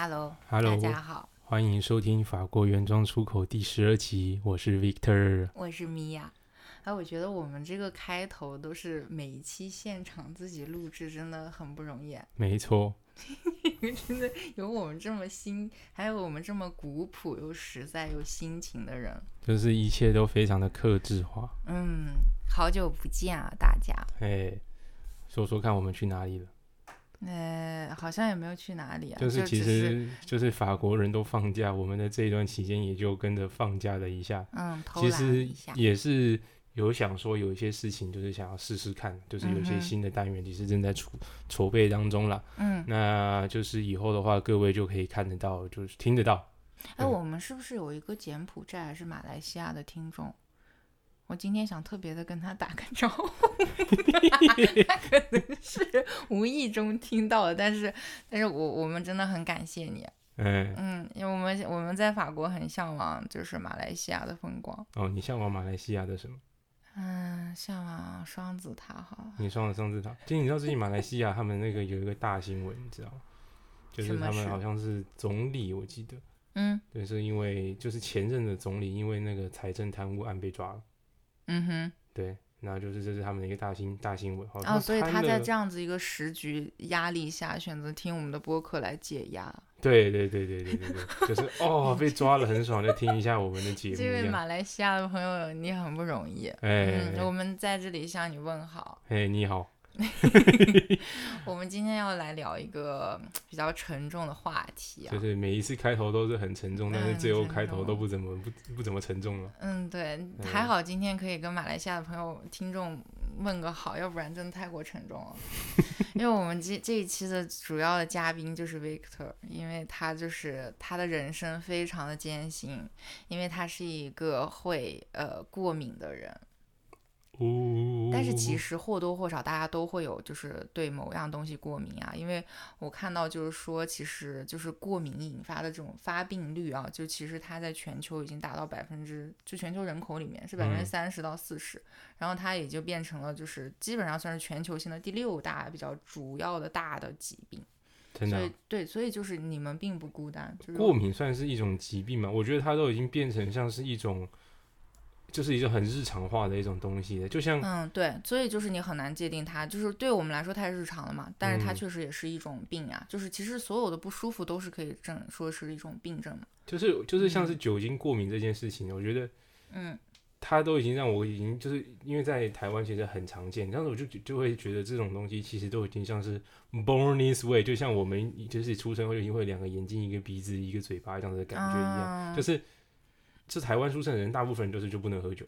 Hello，Hello，Hello，大家好，歡迎收聽法國原裝出口第十二集。我是 Victor，我是米婭。哎、啊，我覺得我們這個開頭都是每一期現場自己錄製，真的很不容易、啊。沒錯， 真的有我們這麼新，還有我們這麼古樸又實在又辛勤的人，就是一切都非常的客製化。嗯，好久不見啊，大家。哎，說說看，我們去哪裡了？呃，好像也沒有去哪裡啊。就是其實，就是法國人都放假，我們的這一段期間也就跟着放假了一下。嗯，其實也是有想說有一些事情，就是想要試試看，就是有一些新的單元，其實正在籌籌、嗯、備當中了。嗯，那就是以後的話，各位就可以看得到，就是聽得到。哎、嗯，我們是不是有一個柬埔寨還是馬來西亞的聽眾？我今天想特別的跟他打個招呼 他可能是無意中聽到的，但是但是我我們真的很感謝你，嗯、哎、嗯，因為我們我們在法國很向往就是馬來西亞的風光哦，你向往馬來西亞的什麼？嗯，向往雙子塔哈。你向往雙子塔？其實你知道最近馬來西亞他們那個有一個大新聞， 你知道嗎？就是他們好像是總理，我記得，嗯，對，是因為就是前任的總理因為那個財政貪污污案被抓了。嗯哼，對，然後就是這是他們的一個大新大新聞，啊，所、哦、以他，他在這樣子一個時局壓力下，選擇聽我們的播客來解壓。對對對對對對，對， 就是哦，被抓了很爽，就 聽一下我們的節目。這位、個、馬來西亞的朋友，你很不容易，哎，哎，哎，嗯、我們在這裡向你問好。哎，你好。 我們今天要來聊一個比較沉重的話題啊，就 是 每一次開頭都是很沉重，嗯、但是最後開頭都不怎麼不不怎麼沉重了。嗯，對，嗯、還好今天可以跟馬來西亞的朋友聽眾問個好，要不然真的太過沉重了。 因為我們這這一期的主要的嘉賓就是 Victor，因為他就是他的人生非常的艱辛，因為他是一個會呃過敏的人。但是其實或多或少大家都會有，就是對某樣東西過敏啊。因為我看到就是說，其實就是過敏引發的這種發病率啊，就其實它在全球已經達到百分之，就全球人口裡面是百分之三十到四十。嗯，然後它也就變成了就是基本上算是全球性的第六大比較主要的大的疾病。真的？對，所以就是你們並不孤單。過敏算是一種疾病嗎？我覺得它都已經變成像是一種。就是一個很日常化的一種東西，就像嗯，對，所以就是你很難界定它，就是對我們來說太日常了嘛。但是它確實也是一種病呀、啊嗯，就是其實所有的不舒服都是可以正說是一種病症嘛。就是就是像是酒精過敏這件事情，嗯、我覺得嗯，它都已經讓我已經就是因為在台灣其實很常見，但是我就就會覺得這種東西其實都已經像是 born this way，就像我們就是出生後就已經會兩個眼睛一個鼻子一個嘴巴這樣子的感覺一樣，嗯、就是。是台灣出生的人，大部分就是就不能喝酒，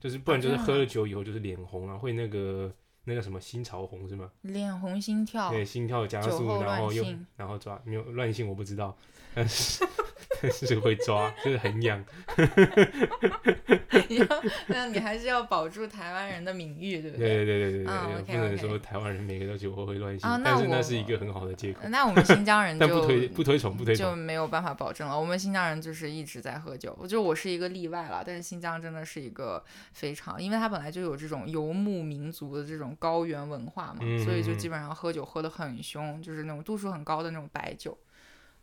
就是不然就是喝了酒以後就是臉紅了，啊啊，會那個那個什麼心潮紅是嗎？臉紅心跳，對，心跳加速，後然後又然後抓沒有亂性我不知道，但是。 就 是會抓，就是很癢。 你要，那你還是要保住台灣人的名譽， 對不對？對對對對對。啊、嗯，okay, okay. 不能說台灣人每個都酒後會亂性、啊，但是那是一個很好的借口。啊、那，我 那我們新疆人就，就。 不推崇不推崇，就沒有辦法保證了。我們新疆人就是一直在喝酒，就我是一個例外了。但是新疆真的是一個非常，因為它本來就有這種游牧民族的這種高原文化嘛，嗯、所以就基本上喝酒喝得很凶、嗯，就是那種度數很高的那種白酒。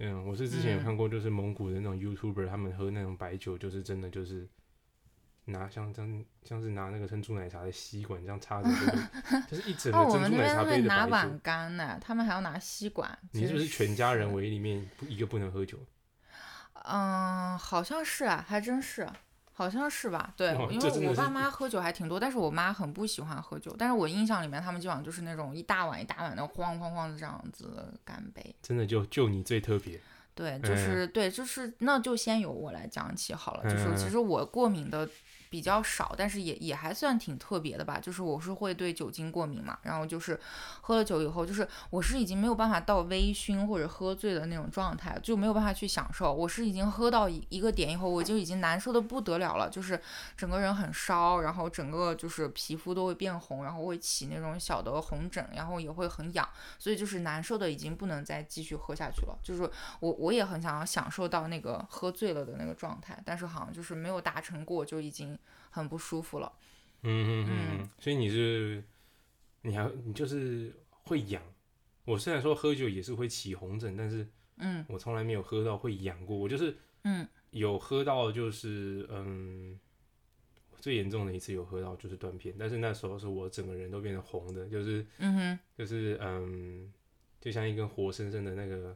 嗯，我是之前有看過，就是蒙古的那種 YouTuber，、嗯、他們喝那種白酒，就是真的就是拿像像像是拿那個珍珠奶茶的吸管這樣插在這裡、這個， 就是一整個珍珠奶茶杯、啊、拿碗乾呢，他們還要拿吸管。是你是不是全家人唯一裡面一個不能喝酒？嗯，好像是啊，還真是、啊。好像是吧，對、哦，因為我爸媽喝酒還挺多，但是我媽很不喜歡喝酒，但是我印象裡面他們基本上就是那種一大碗一大碗的，種晃晃晃的這樣子乾杯，真的就就你最特別，對，就是、嗯、對，就是那就先由我來講起好了，就是、嗯、其實我過敏的。比較少，但是也也還算挺特別的吧。就是我是會對酒精過敏嘛，然後就是喝了酒以後，就是我是已經沒有辦法到微醺或者喝醉的那種狀態，就沒有辦法去享受。我是已經喝到一一個點以後，我就已經難受得不得了了，就是整個人很燒，然後整個就是皮膚都會變紅，然後會起那種小的紅疹，然後也會很癢，所以就是難受的已經不能再繼續喝下去了。就是我我也很想要享受到那個喝醉了的那個狀態，但是好像就是沒有達成過，就已經。很不舒服了，嗯哼嗯哼嗯，所以你是，你還你就是會癢。我雖然說喝酒也是會起紅疹，但是，嗯，我從來沒有喝到會癢過。我就是，嗯，有喝到就是，嗯，嗯，最嚴重的一次有喝到就是斷片，但是那時候是我整個人都變得紅的，就是，嗯哼，就是，嗯，就像一根活生生的那個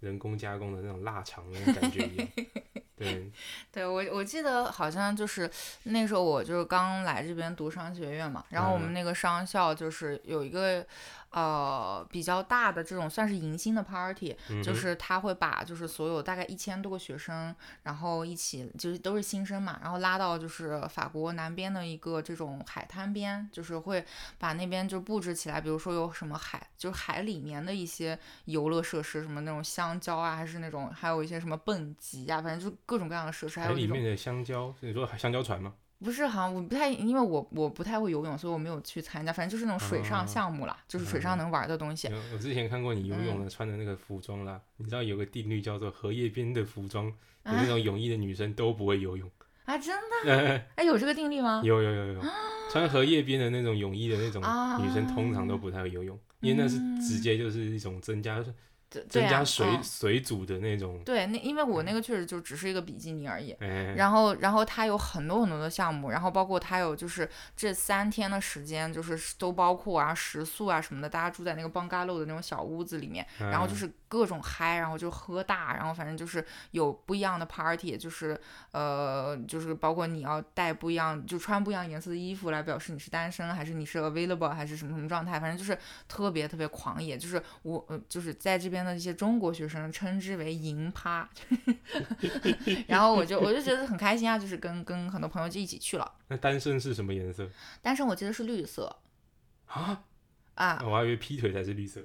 人工加工的那種臘腸的那種感覺一樣。 對，對我我記得好像就是那時候，我就是剛來這邊讀商學院嘛，然後我們那個商校就是有一個。呃，比較大的這種算是迎新的 party，嗯嗯，就是他會把就是所有大概一千多個學生，然後一起就是都是新生嘛，然後拉到就是法國南邊的一個這種海灘邊，就是會把那邊就佈置起來，比如說有什麼海就是海裡面的一些遊樂設施，什麼那種香蕉啊，還是那種還有一些什麼蹦極啊，反正就各種各樣的設施。還有裡面的香蕉，你說的香蕉船嗎？不是好，好像我不太，因為我我不太會游泳，所以我沒有去參加。反正就是那種水上項目啦，哦、就是水上能玩的東西。嗯、我之前看過你游泳的穿的那個服裝啦、嗯，你知道有個定律叫做荷葉邊的服裝，哎、有那種泳衣的女生都不會游泳。啊，真的？哎，哎，有這個定律嗎？有有有有，有、啊，穿荷葉邊的那種泳衣的那種女生、啊，通常都不太會游泳，因為那是直接就是一種增加。嗯增加水，啊嗯、水煮的那種對，那因為我那個確實就只是一個比基尼而已，嗯、然後然後它有很多很多的項目，然後包括它有就是這三天的時間就是都包括啊食宿啊什麼的，大家住在那個邦嘎露的那種小屋子裡面，然後就是各種嗨，然後就喝大，然後反正就是有不一樣的 party，就是呃就是包括你要帶不一樣就穿不一樣顏色的衣服來表示你是單身還是你是 available 還是什麼什麼狀態，反正就是特別特別狂野，就是我就是在這邊。那些中國學生稱之為“銀趴”， 然後我就我就覺得很開心啊，就是跟跟很多朋友就一起去了。那單身是什麼顏色？單身我記得是綠色啊。啊，我還以為劈腿才是綠色。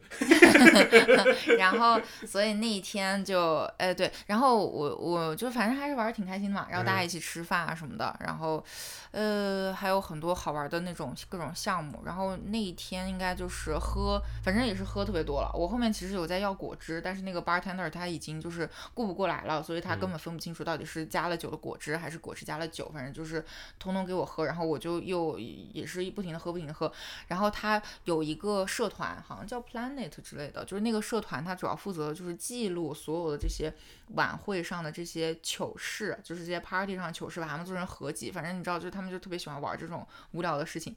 然後，所以那一天就，哎，對，然後我我就反正還是玩的挺開心的嘛，然後大家一起吃飯啊什麼的，嗯，然後，呃，還有很多好玩的那種各種項目。然後那一天應該就是喝，反正也是喝特別多了。我後面其實有在要果汁，但是那個 bartender 他已經就是顧不過來了，所以他根本分不清楚到底是加了酒的果汁還是果汁加了酒，嗯，反正就是通通給我喝。然後我就又也是不停的喝，不停的喝。然後他有一個。一個社團好像叫 Planet 之類的，就是那個社團，它主要負責的就是記錄所有的這些晚會上的這些糗事，就是這些 party 上的糗事，把他們做成合集。反正你知道，就是他們就特別喜歡玩這種無聊的事情。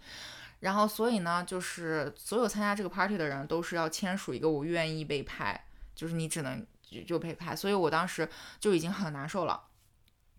然後，所以呢，就是所有參加這個 party 的人都是要簽署一個“我願意被拍”，就是你只能就被拍。所以我當時就已經很難受了。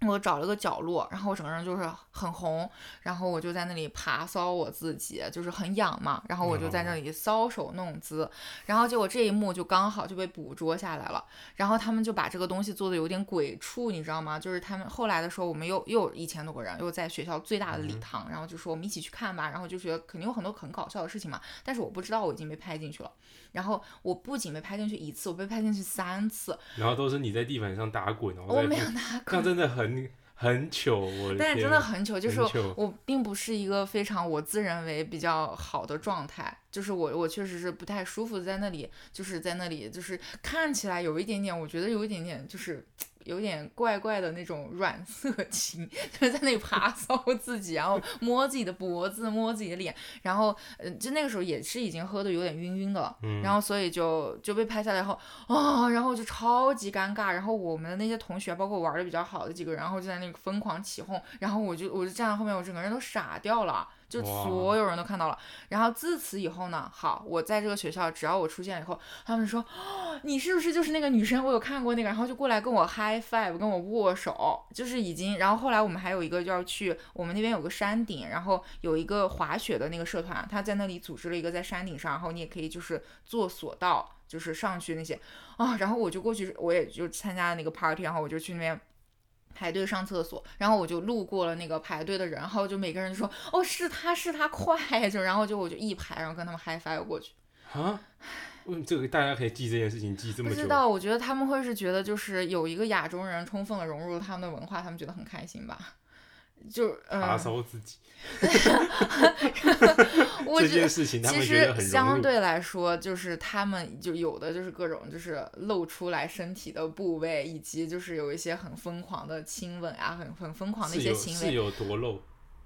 我找了個角落，然後我整個人就是。很紅，然後我就在那裡爬騷，我自己，就是很癢嘛，然後我就在那裡搔首弄姿，oh. 然後結果這一幕就剛好就被捕捉下來了，然後他們就把這個東西做得有點鬼畜，你知道嗎？就是他們後來的時候，我們又又一千多個人又在學校最大的禮堂、嗯，然後就說我們一起去看吧，然後就覺得肯定有很多很搞笑的事情嘛，但是我不知道我已經被拍進去了，然後我不僅被拍進去一次，我被拍進去三次，然後都是你在地板上打滾，然後我沒有打滾，那真的很。很糗，我，但真的很糗，很糗，就是我並不是一個非常我自認為比較好的狀態，就是我我確實是不太舒服在那裡，就是在那裡，就是看起來有一點點，我覺得有一點點就是。有點怪怪的那種軟色情，就在那裡爬騷自己， 然後摸自己的脖子，摸自己的臉，然後，嗯，就那個時候也是已經喝的有點暈暈的了，然後所以就就被拍下來後，啊、哦，然後就超級尷尬，然後我們的那些同學，包括玩的比較好的幾個人，然後就在那瘋狂起哄，然後我就我就站在後面，我整個人都傻掉了。就所有人都看到了，然後自此以後呢，好，我在這個學校，只要我出現以後，他們說，哦，你是不是就是那個女生？我有看過那個，然後就過來跟我 high five，跟我握手，就是已經，然後後來我們還有一個就要去，我們那邊有個山頂，然後有一個滑雪的那個社團，他在那裡組織了一個在山頂上，然後你也可以就是坐索道，就是上去那些，啊，然後我就過去，我也就參加了那個 party，然後我就去那邊。排隊上廁所，然後我就路過了那個排隊的人，然後就每個人就說：“哦，是他是他快。”就然後就我就一排，然後跟他們 high five 過去。啊，嗯，這個大家可以記這件事情，記這麼久。不知道，我覺得他們會是覺得就是有一個亞洲人充分的融入了他們的文化，他們覺得很開心吧。就呃，燒自己。 我就 這件事情其實相對來說，就是他們就有的就是各種就是露出來身體的部位，以及就是有一些很瘋狂的親吻啊，很很瘋狂的一些行為，是有多露？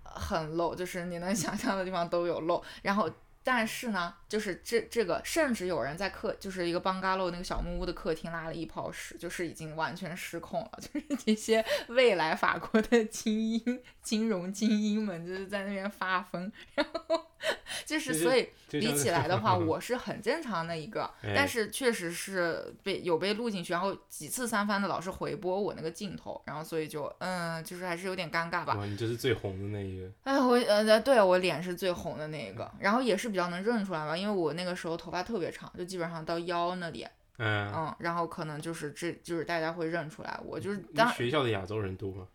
呃，很露，就是你能想象的地方都有露， 然後。但是呢，就是這這個，甚至有人在客，就是一個邦嘎洛那個小木屋的客廳拉了一泡屎，就是已經完全失控了，就是那些未來法國的精英、金融精英們，就是在那邊發瘋，然後。 就是，所以比起來的話，我是很正常的一個，但是確實是被有被錄進去，然後幾次三番的老是回播我那個鏡頭，然後所以就嗯，就是還是有點尷尬吧。你就是最紅的那一個。哎，我嗯，對，我臉是最紅的那一個，然後也是比較能認出來吧，因為我那個時候頭髮特別長，就基本上到腰那裡，嗯，然後可能就是這就是大家會認出來，我就是當學校的亞洲人多嗎？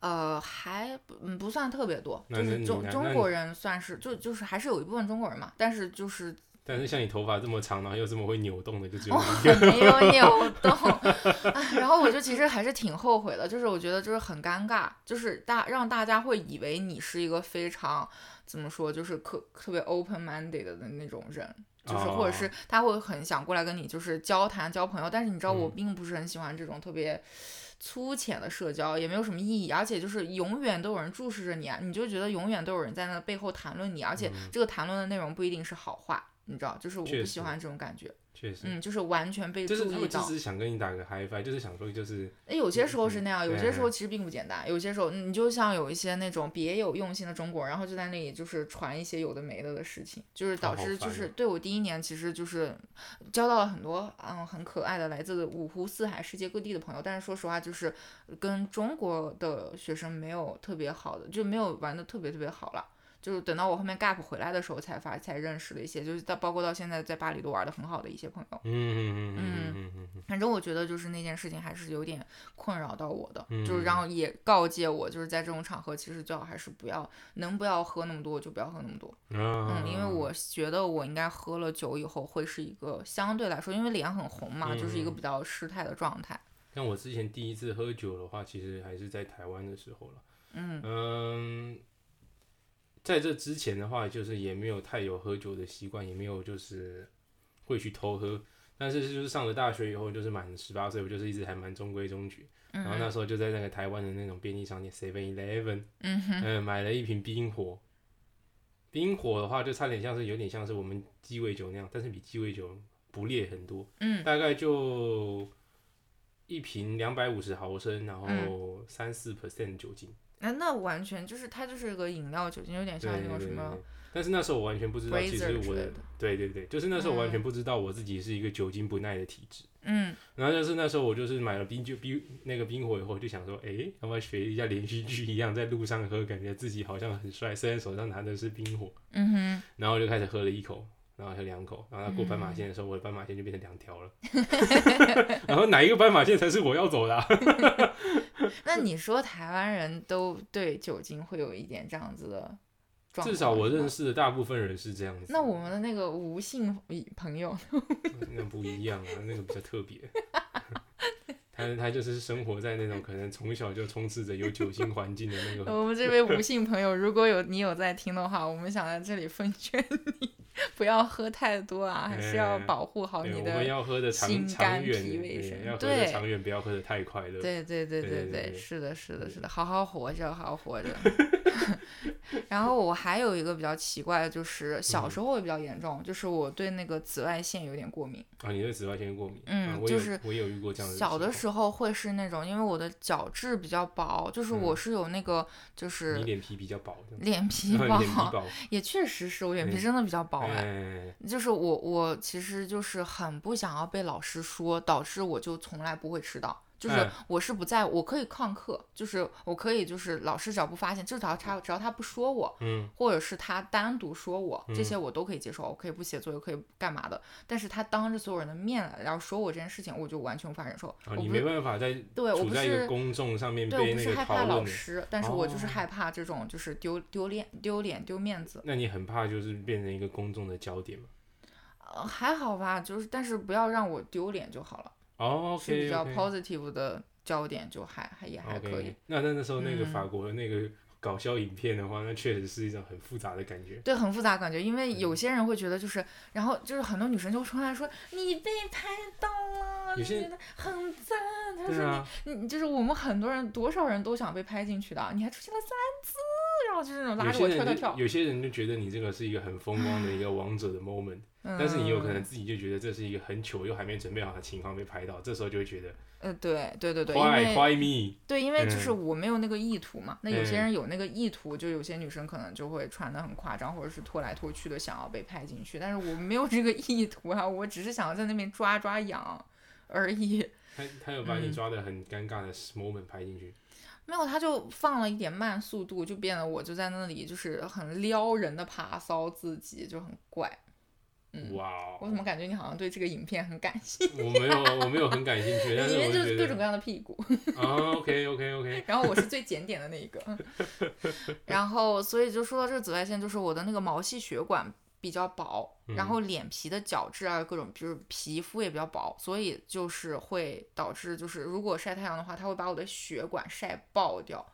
呃，還不不算特別多，就是中中國人算是，就就是還是有一部分中國人嘛，但是就是，但是像你頭髮這麼長，呢，又這麼會扭動的，就覺得、哦、沒有扭動。 然後我就其實還是挺後悔的，就是我覺得就是很尷尬，就是大讓大家會以為你是一個非常怎麼說，就是可特別 open minded 的那種人，就是或者是他會很想過來跟你就是交談交朋友，但是你知道我並不是很喜歡這種特別。嗯粗淺的社交也沒有什麼意義，而且就是永遠都有人注視着你啊，你就覺得永遠都有人在那背後談論你，而且這個談論的內容不一定是好話，嗯，你知道，就是我不喜歡這種感覺。確實，嗯，就是完全被注意到。就是他們只是想跟你打個 high five，就是想說就是。有些時候是那樣，有些時候其實並不簡單。嗯、有些時候你就像有一些那種別有用心的中國人，然後就在那裡就是傳一些有的沒的的事情，就是導致就是對我第一年其實就是交到了很多嗯很可愛的來自五湖四海世界各地的朋友，但是說實話就是跟中國的學生沒有特別好的，就沒有玩得特別特別好了。就是等到我後面 gap 回來的時候才發才認識了一些，就是在包括到現在在巴黎都玩的很好的一些朋友。嗯嗯嗯嗯嗯嗯。反正我覺得就是那件事情還是有點困擾到我的，嗯、就是然後也告誡我就是在這種場合其實最好還是不要能不要喝那麼多就不要喝那麼多，啊。嗯，因為我覺得我應該喝了酒以後會是一個相對來說，因為臉很紅嘛，就是一個比較失態的狀態。像，嗯、我之前第一次喝酒的話，其實還是在台灣的時候了。嗯嗯。在這之前的話，就是也沒有太有喝酒的習慣，也沒有就是會去偷喝。但是就是上了大學以後，就是滿了十八歲，我就是一直還蠻中規中矩，嗯。然後那時候就在那個台灣的那種便利商店 Seven Eleven，嗯，呃，買了一瓶冰火。冰火的話，就差點像是有點像是我們雞尾酒那樣，但是比雞尾酒不烈很多。嗯，大概就一瓶兩百五十毫升，然後三四 percent 酒精。那那完全就是它就是一個飲料酒精，有點像那種什麼對對對對。但是那時候我完全不知道，其實我的對對對，就是那時候我完全不知道我自己是一個酒精不耐的體質。嗯，然後就是那時候我就是買了冰就冰那個冰火以後，就想說，哎、欸，要不要學一下連續劇一樣在路上喝，感覺自己好像很帥，雖然手上拿的是冰火。嗯哼。然後我就開始喝了一口，然後喝兩口，然後過斑馬線的時候、嗯，我的斑馬線就變成兩條了。 然後哪一個斑馬線才是我要走的、啊？ 那你說台灣人都對酒精會有一點這樣子的狀態，至少我認識的大部分人是這樣子。 那我們的那個吳姓朋友， 那不一樣啊，那個比較特別。 但是他就是生活在那種可能從小就充斥着有酒精環境的那個。 我們這位吳姓朋友， 如果有你有在聽的話，我們想在這裡奉勸你不要喝太多啊，欸、還是要保護好你的心肝脾胃腎。對，我們要喝長長的長長遠，對，要喝的長遠，不要喝的太快了。對對對對對，對對對，是的，是的，是的，好好活着，好好活着。好好活 然後我還有一個比較奇怪的，就是小時候會比較嚴重，嗯，就是我對那個紫外線有點過敏。啊，你對紫外線過敏？嗯，啊、我就是我也有遇過這樣的，小的時候。之後會是那種，因為我的角質比較薄，就是我是有那個，嗯、就是臉皮比較薄，臉皮薄，嗯、也確實是我臉皮真的比較薄哎，嗯、哎就是我我其實就是很不想要被老師說，導致我就從來不會遲到。就是我是不在，嗯、我可以曠課，就是我可以，就是老師只要不發現，就只要他只要他不說我，嗯，或者是他單獨說我，這些我都可以接受，我可以不寫作業，可以幹嘛的，嗯。但是他當着所有人的面，然後說我這件事情，我就完全無法忍受，啊我。你沒辦法在對我不是在一個公眾上面被對我不是、那個、討論我不是害怕老師，哦，但是我就是害怕這種就是丟丟臉丟臉丟面子。那你很怕就是變成一個公眾的焦點嗎？還好吧，就是但是不要讓我丟臉就好了。哦、oh, okay,，okay. 是比較 positive 的焦點，就還還、okay. 也還可以。那那那時候那個法國的那個搞笑影片的話、嗯，那確實是一種很複雜的感覺。對，很複雜的感覺，因為有些人會覺得就是，嗯、然後就是很多女生就出來說你被拍到了，就覺得很讚。她說、啊、你你就是我們很多人多少人都想被拍進去的，你還出現了三次。哦、就這種拉着我跳跳跳，有些人就，有些人就覺得你這個是一個很風光的一個王者的 moment，、嗯、但是你有可能自己就覺得這是一個很糗又還沒準備好的情況被拍到，這時候就會覺得，呃，對，對，對，對，why me，對，因為就是我沒有那個意圖嘛、嗯。那有些人有那個意圖，就有些女生可能就會穿的很誇張、嗯，或者是拖來拖去的想要被拍進去，但是我沒有這個意圖啊，我只是想要在那邊抓抓癢而已。他他有把你抓的很尷尬的 moment 拍進去。嗯沒有，他就放了一點慢速度，就變得我就在那裡就是很撩人的爬騷，自己就很怪。哇、嗯、哦！Wow, 我怎麼感覺你好像對這個影片很感興趣？ 我沒有，我沒有很感興趣。裡 面就是各種各樣的屁股。啊、oh,，OK，OK，OK okay, okay, okay. 然後我是最檢點的那一個。 然後，所以就說到這個紫外線，就是我的那個毛細血管，比較薄，然後臉皮的角質啊，各種就是皮膚也比較薄，所以就是會導致，就是如果曬太陽的話，它會把我的血管曬爆掉。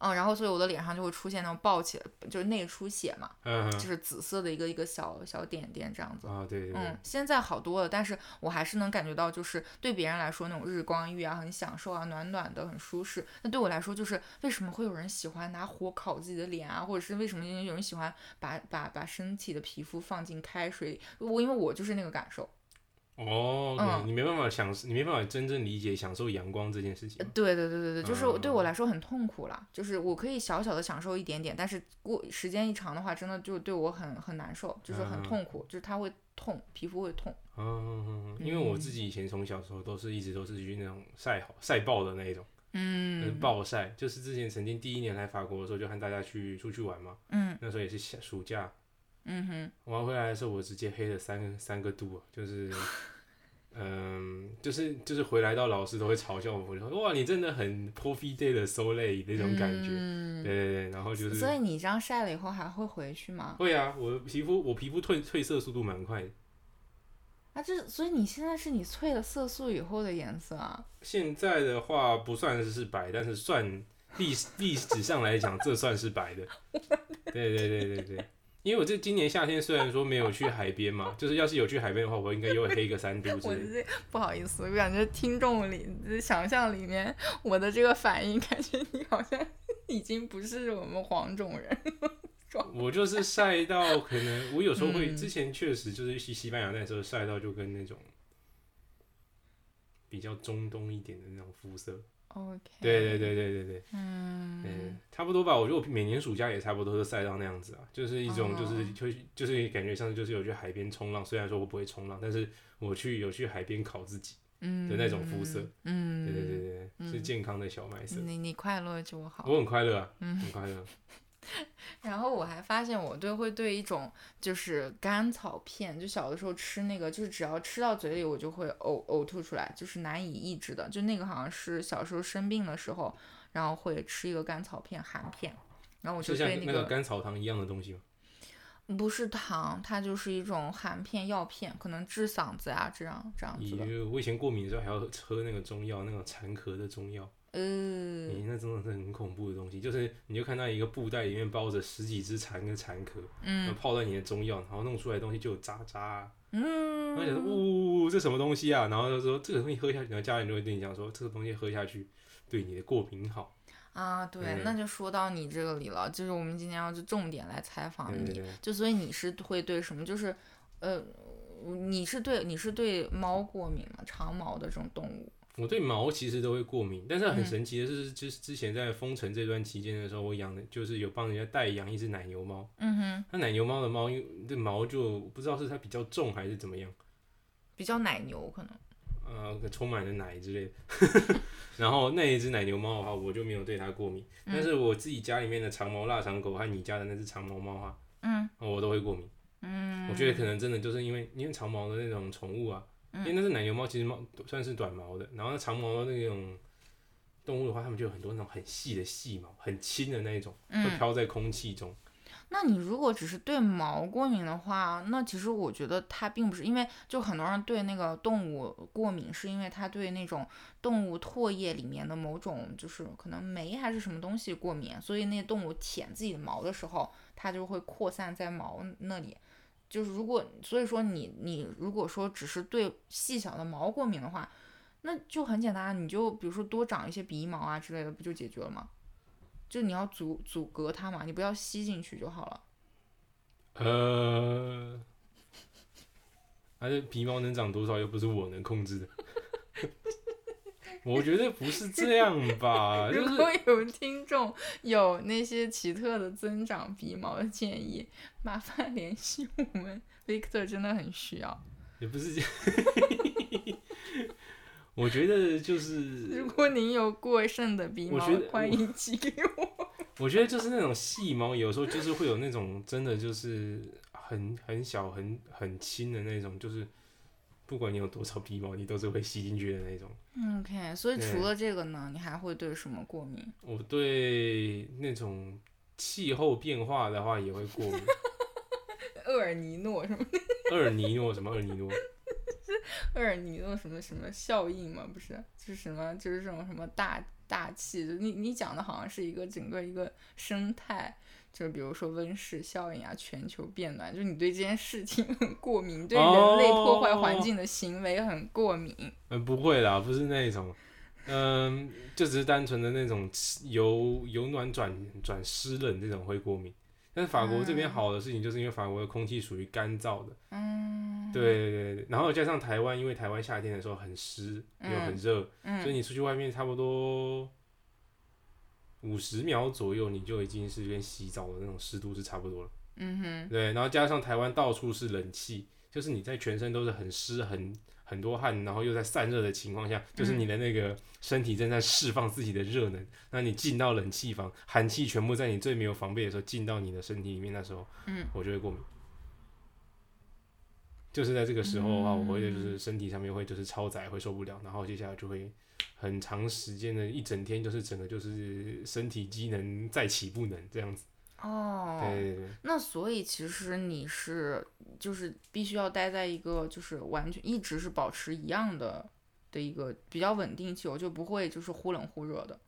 嗯，然後所以我的臉上就會出現那種爆起，就是內出血嘛，嗯，就是紫色的一個一個小小點點這樣子。啊，對對對。嗯，現在好多了，但是我還是能感覺到，就是對別人來說那種日光浴啊，很享受啊，暖暖的很舒適。那對我來說，就是為什麼會有人喜歡拿火烤自己的臉啊，或者是為什麼因為有人喜歡把把把身體的皮膚放進開水裡？我因為我就是那個感受。哦對、嗯，你沒辦法享受，你沒辦法真正理解享受陽光這件事情。對對對對對，就是我、嗯、對我來說很痛苦啦，就是我可以小小的享受一點點，但是過時間一長的話，真的就對我很很難受，就是很痛苦，啊，就是它會痛，皮膚會痛。嗯嗯嗯，因為我自己以前從小的時候都是一直都是去那種曬好曬爆的那一種，嗯，就是，暴曬。就是之前曾經第一年來法國的時候，就和大家去出去玩嘛，嗯，那時候也是夏暑假。嗯哼，玩回來的時候，我直接黑了三三個度，就是，嗯、呃，就是就是回來到老師都會嘲笑我，我就說哇，你真的很 puffy day 的 soleil 那種感覺、嗯，對對對，然後就是，所以你這樣曬了以後還會回去嗎？會啊，我皮膚我皮膚退褪色速度蠻快的，啊，這，所以你現在是你褪了色素以後的顏色啊？現在的話不算是白，但是算歷歷史上來講，這算是白的， 對對對對對。因為我這今年夏天雖然說沒有去海邊嘛， 就是要是有去海邊的話，我應該又會黑個三度。我這、就是、不好意思，我感覺聽眾裡、就是、想象裡面我的這個反應，感覺你好像已經不是我們黃種人。我就是曬到可能，我有時候會、 嗯、之前確實就是去西班牙那時候曬到就跟那種比較中東一點的那種膚色。對、okay, 對對對對對，嗯，對對對，差不多吧。我覺得我每年暑假也差不多是曬到那樣子啊，就是一種就是、哦、就是就是感覺像就是有去海邊衝浪。雖然說我不會衝浪，但是我去有去海邊烤自己，嗯的那種膚色，嗯，對對對對，嗯，是健康的小麥色。你你快樂就好，我很快樂啊，啊，嗯，很快樂。 然後我還發現，我對會對一種就是甘草片，就小的時候吃那個，就是只要吃到嘴裡，我就會嘔嘔吐出來，就是難以抑制的。就那個好像是小時候生病的時候，然後會吃一個甘草片含片，然後我就對、那個、就像那個甘草糖一樣的東西嗎？不是糖，它就是一種含片藥片，可能治嗓子啊這樣這樣子的。為，我以前過敏的時候還要喝那個中藥，那種蟬殼的中藥。嗯，誒，那真的是很恐怖的東西，就是你就看到一個布袋裡面包着十幾隻蠶跟蠶殼，嗯，然後泡在你的中藥，然後弄出來的東西就是渣渣，嗯，而且嗚嗚嗚，這什麼東西啊？然後他說這個東西喝下去，然後家人就會對你講說這個東西喝下去對你的過敏好啊，對、嗯，那就說到你這個裡了，就是我們今天要就重點來採訪你，嗯、就所以你是會對什麼？就是呃，你是對你是對貓過敏嗎、啊？長毛的這種動物。我對毛其實都會過敏，但是很神奇的是，嗯、就是之前在封城這段期間的時候，我養的就是有幫人家代養一只奶牛貓。嗯哼，那奶牛貓的貓，因為這毛就不知道是它比較重還是怎麼樣，比較奶牛可能。呃，充滿了奶之類的。 然後那一只奶牛貓的話，我就沒有對它過敏，嗯。但是我自己家裡面的長毛臘腸狗和你家的那只長毛貓哈，嗯，我都會過敏。嗯，我覺得可能真的就是因為因為長毛的那種寵物啊。因為那是奶油貓，其實貓算是短毛的、嗯。然後長毛的那種動物的話，它們就有很多那種很細的細毛，很輕的那一種，會飄在空氣中、嗯。那你如果只是對毛過敏的話，那其實我覺得它並不是，因為就很多人對那個動物過敏，是因為它對那種動物唾液裡面的某種就是可能酶，還是什麼東西過敏，所以那些動物舔自己的毛的時候，它就會擴散在毛那裡。就是如果，所以說你你如果說只是對細小的毛過敏的話，那就很簡單，你就比如說多長一些鼻毛啊之類的，不就解決了嗎？就你要阻阻隔它嘛，你不要吸進去就好了。呃，而且鼻毛能長多少又不是我能控制的。 我覺得不是這樣吧，就是，如果有聽眾有那些奇特的增長鼻毛的建議，麻煩聯繫我們，Victor 真的很需要。也不是這樣， 我覺得就是如果你有過剩的鼻毛的，歡迎寄給我。我覺得就是那種細毛， 有時候就是會有那種真的就是很很小、很很輕的那種，就是。不管你有多少皮毛，你都是會吸進去的那種。OK，所以除了這個呢，嗯、你還會對什麼過敏？我對那種氣候變化的話也會過敏。 厄爾尼諾什麼的？厄爾尼諾什麼？厄爾尼諾是厄爾尼諾 什麼什麼效應嗎？不是，就是什麼就是這種什麼大大氣，就你你講的好像是一個整個一個生態。就是比如說溫室效應啊，全球變暖，就是你對這件事情很過敏，對人類破壞環境的行為很過敏。哦，嗯，不會啦，不是那種，嗯，就只是單純的那種由由暖轉轉濕冷這種會過敏。但是法國這邊好的事情就是因為法國的空氣屬於乾燥的，嗯，對對對，然後加上台灣，因為台灣夏天的時候很濕又很熱，嗯，所以你出去外面差不多。五十秒左右，你就已經是跟洗澡的那種濕度是差不多了。嗯哼。對，然後加上台灣到處是冷氣，就是你在全身都是很濕、很很多汗，然後又在散熱的情況下，就是你的那個身體正在釋放自己的熱能，那、嗯、你進到冷氣房，寒氣全部在你最沒有防備的時候進到你的身體裡面，的時候，嗯，我就會過敏、嗯。就是在這個時候的話，我會就是身體上面會就是超載，會受不了，然後接下來就會。很長時間的一整天，就是整個就是身體機能再起不能這樣子哦、oh, 嗯。對，那所以其實你是就是必須要待在一個就是完全一直是保持一樣的的一個比較穩定氣候，就不會就是忽冷忽熱的。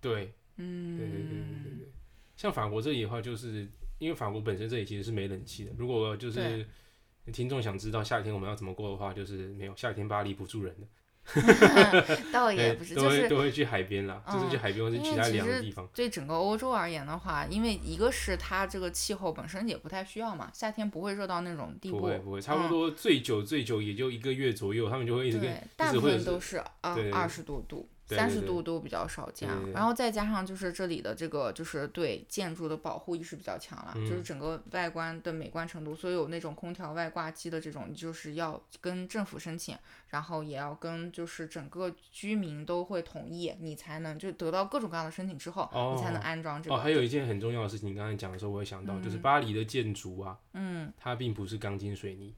對，嗯，對、嗯，像法國這裡的話，就是因為法國本身這裡其實是沒冷氣的。如果就是聽眾想知道夏天我們要怎麼過的話，就是沒有，夏天巴黎不住人的。倒 也不是，就是、都是都會去海邊了、嗯，就是去海邊、嗯、或者其他兩個地方。對整個歐洲而言的話，因為一個是它這個氣候本身也不太需要嘛，夏天不會熱到那種地步，不會不會，差不多最久最久也就一個月左右，嗯、他們就會一直跟，大部分都是二十、嗯、多度。三十度都比較少見，然後再加上就是這裡的這個就是對建築的保護意識比較強了、嗯，就是整個外觀的美觀程度，所有那種空調外掛機的這種，就是要跟政府申請，然後也要跟就是整個居民都會同意，你才能就得到各種各樣的申請之後，哦、你才能安裝這個、哦。還有一件很重要的事情，你剛才講的時候我也想到、嗯，就是巴黎的建築啊，嗯，它並不是鋼筋水泥，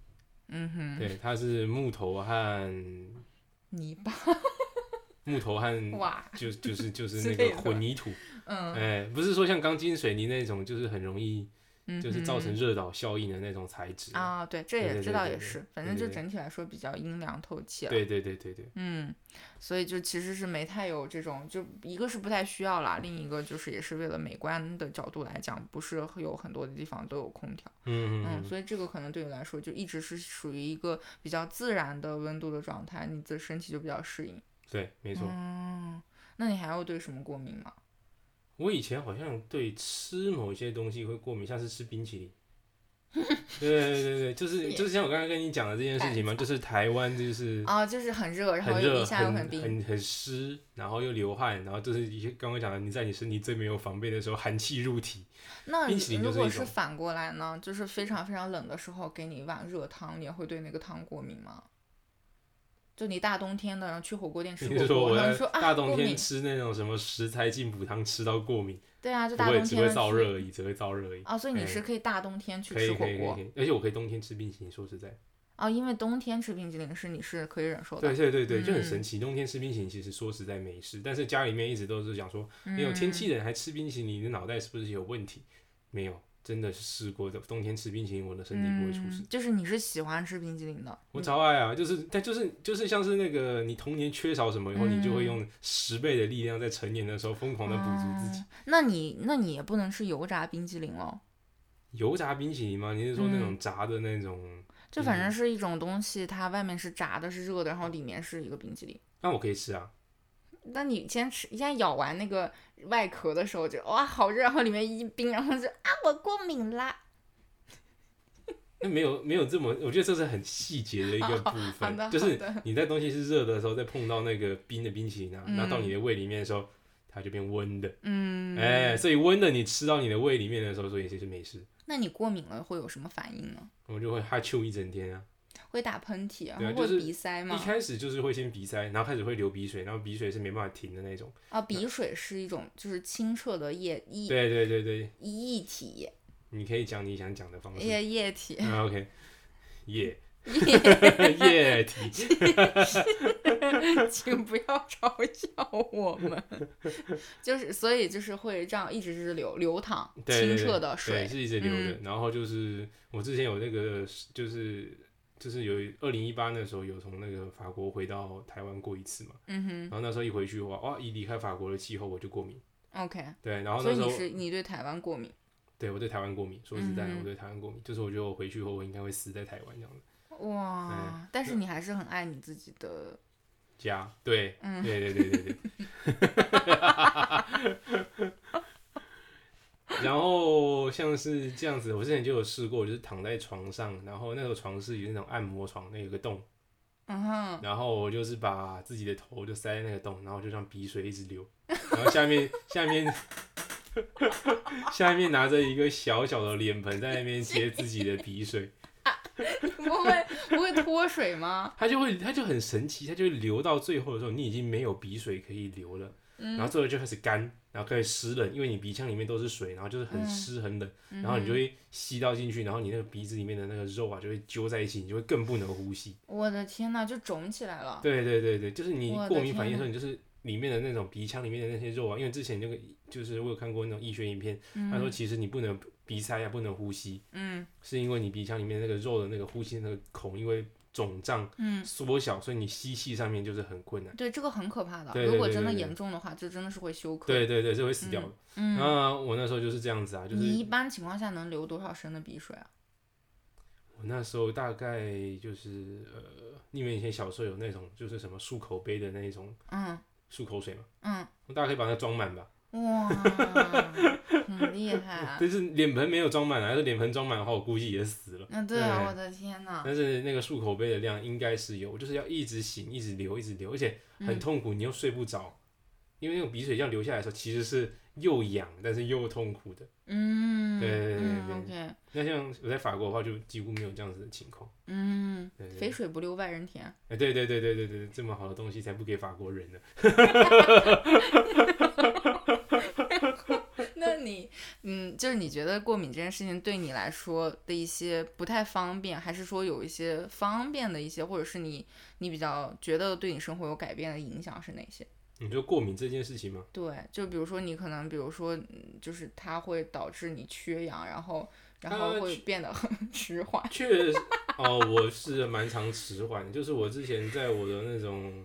嗯哼，對，它是木頭和泥巴。泥巴木頭和哇就就是就是那個混凝土、那個，嗯，哎，不是說像鋼筋水泥那種，就是很容易就是造成熱島效應的那種材質啊、嗯嗯嗯哦。對，這也對對對對對這倒也是，反正就整體來說比較陰涼透氣了。對對,對對對對對，嗯，所以就其實是沒太有這種，就一個是不太需要啦，另一個就是也是為了美觀的角度來講，不是有很多的地方都有空調。嗯嗯嗯，嗯所以這個可能對你來說就一直是屬於一個比較自然的溫度的狀態，你的身體就比較適應。對，沒錯，嗯。那你還要對什麼過敏嗎？我以前好像對吃某些東西會過敏，像是吃冰淇淋。 對對對對，就是 就是像我剛才跟你講的這件事情嘛，是就是台灣就是啊，呃，就是很熱，然後又一下又很冰很，很，很濕，然後又流汗，然後就是一些剛剛講的，你在你身體最沒有防備的時候，寒氣入體。那冰淇淋如果是反過來呢，就是非常非常冷的時候給你一碗熱湯，你也會對那個湯過敏嗎？就你大冬天的，然後去火鍋店吃火鍋，說我們說大冬天吃那種什麼食材進補湯，吃到過敏？啊過敏，對啊，就大冬天會只會燥熱而已，只會燥熱而已、哦，所以你是可以大冬天去吃火鍋、嗯，而且我可以冬天吃冰淇淋。說實在，啊、哦，因為冬天吃冰淇淋是你是可以忍受的。對對對對，就很神奇，嗯、冬天吃冰淇淋其實說實在沒事，但是家裡面一直都是講說，沒有天氣冷還吃冰淇淋，你的腦袋是不是有問題？沒有。真的是試過的，冬天吃冰淇淋，我的身體不會出事，嗯。就是你是喜歡吃冰淇淋的，我超愛啊！就是，但就是就是像是那個你童年缺少什麼，然、嗯、後你就會用十倍的力量在成年的時候瘋狂的補足自己。啊、那你那你也不能吃油炸冰淇淋嘍，哦？油炸冰淇淋嗎？你是說那種炸的那種，嗯？就反正是一種東西，它外面是炸的，是熱的，然後裡面是一個冰淇淋。嗯，那我可以吃啊。當你先吃，你先咬完那個外殼的時候就，就哇好熱，然後裡面一冰，然後就啊我過敏了。那 沒有沒有這麼，我覺得這是很細節的一個部分，好好的就是你在東西是熱的時候的，再碰到那個冰的冰淇淋啊， 然後到你的胃裡面的時候，嗯、它就變溫的。嗯。哎、欸，所以溫的你吃到你的胃裡面的時候，所以其實沒事。那你過敏了會有什麼反應呢？我就會哈啾一整天啊。會打噴嚏，然後、啊、會鼻塞嘛？就是、一開始就是會先鼻塞，然後開始會流鼻水，然後鼻水是沒辦法停的那種啊，啊。鼻水是一種就是清澈的液液，對對對對，液體。你可以講你想講的方式。液體、嗯 okay. yeah. 液體。OK，液液液體。請不要嘲笑我們。 就是，所以就是會這樣一直一直流流淌，對對對，清澈的水是一直流的，嗯、然後就是我之前有那個就是。就是有二零一八那時候有從那個法國回到台灣過一次嘛、嗯哼，然後那時候一回去的話，哇，一離開法國的氣候我就過敏，OK，對，然後那時候，所以你,你對台灣過敏，對，我對台灣過敏，說實在的，嗯、我對台灣過敏，就是我覺得我回去後我應該會死在台灣這樣子，哇、嗯，但是你還是很愛你自己的家，對，對對對對對、嗯 然後像是這樣子，我之前就有試過，就是躺在床上，然後那個床是有那種按摩床，那有個洞，嗯哼、然後我就是把自己的頭就塞在那個洞，然後就讓鼻水一直流，然後下面下面， 下面拿着一個小小的臉盆在那邊接自己的鼻水，啊、不會不會脫水嗎？它就會它就很神奇，它就會流到最後的時候，你已經沒有鼻水可以流了。然後最後就開始乾，然後開始濕冷，因為你鼻腔裡面都是水，然後就是很濕很冷，嗯，然後你就會吸到進去，然後你那個鼻子裡面的那個肉啊就會揪在一起，你就會更不能呼吸。我的天吶，就腫起來了。對對對對，就是你過敏反應的時候，你就是裡面的那種鼻腔裡面的那些肉啊，因為之前那個就是我有看過那種醫學影片，他說其實你不能鼻塞啊，不能呼吸，嗯，是因為你鼻腔裡面那個肉的那個呼吸那個孔，因為。腫脹，縮、嗯、小，所以你吸氣上面就是很困難。對，這個很可怕的。對對對對對，如果真的嚴重的話，就真的是會休克。對對對，就會死掉。嗯，然後我那時候就是這樣子啊，嗯、就是你一般情況下能流多少升的鼻水啊？我那時候大概就是呃，因為以前小時候有那種就是什麼漱口杯的那種，嗯，漱口水嘛，嗯，嗯我大概可以把它裝滿吧。哇，很厲害、啊！就 是臉盆沒有裝滿，要是臉盆裝滿的話，我估計也死了。嗯、啊，對啊，我的天哪、啊！但是那個漱口杯的量應該是有，就是要一直醒、一直流，一直流，而且很痛苦，你又睡不着、嗯，因爲那種鼻水這樣流下來的時候，其實是又癢但是又痛苦的。嗯，對對對對，對、嗯 okay。那像我在法國的話，就幾乎沒有這樣子的情況。嗯對對對，肥水不流外人田、啊。哎，對對對對對對，這麼好的東西才不給法國人呢、啊。 那你，嗯，就是你覺得過敏這件事情對你來說的一些不太方便，還是說有一些方便的一些，或者是你你比較覺得對你生活有改變的影響是哪些？你覺得過敏這件事情嗎？對，就比如說你可能，比如說，嗯，就是它會導致你缺氧，然後然後會變得很遲緩。呃、確實哦，我是蠻常遲緩， 就是我之前在我的那種。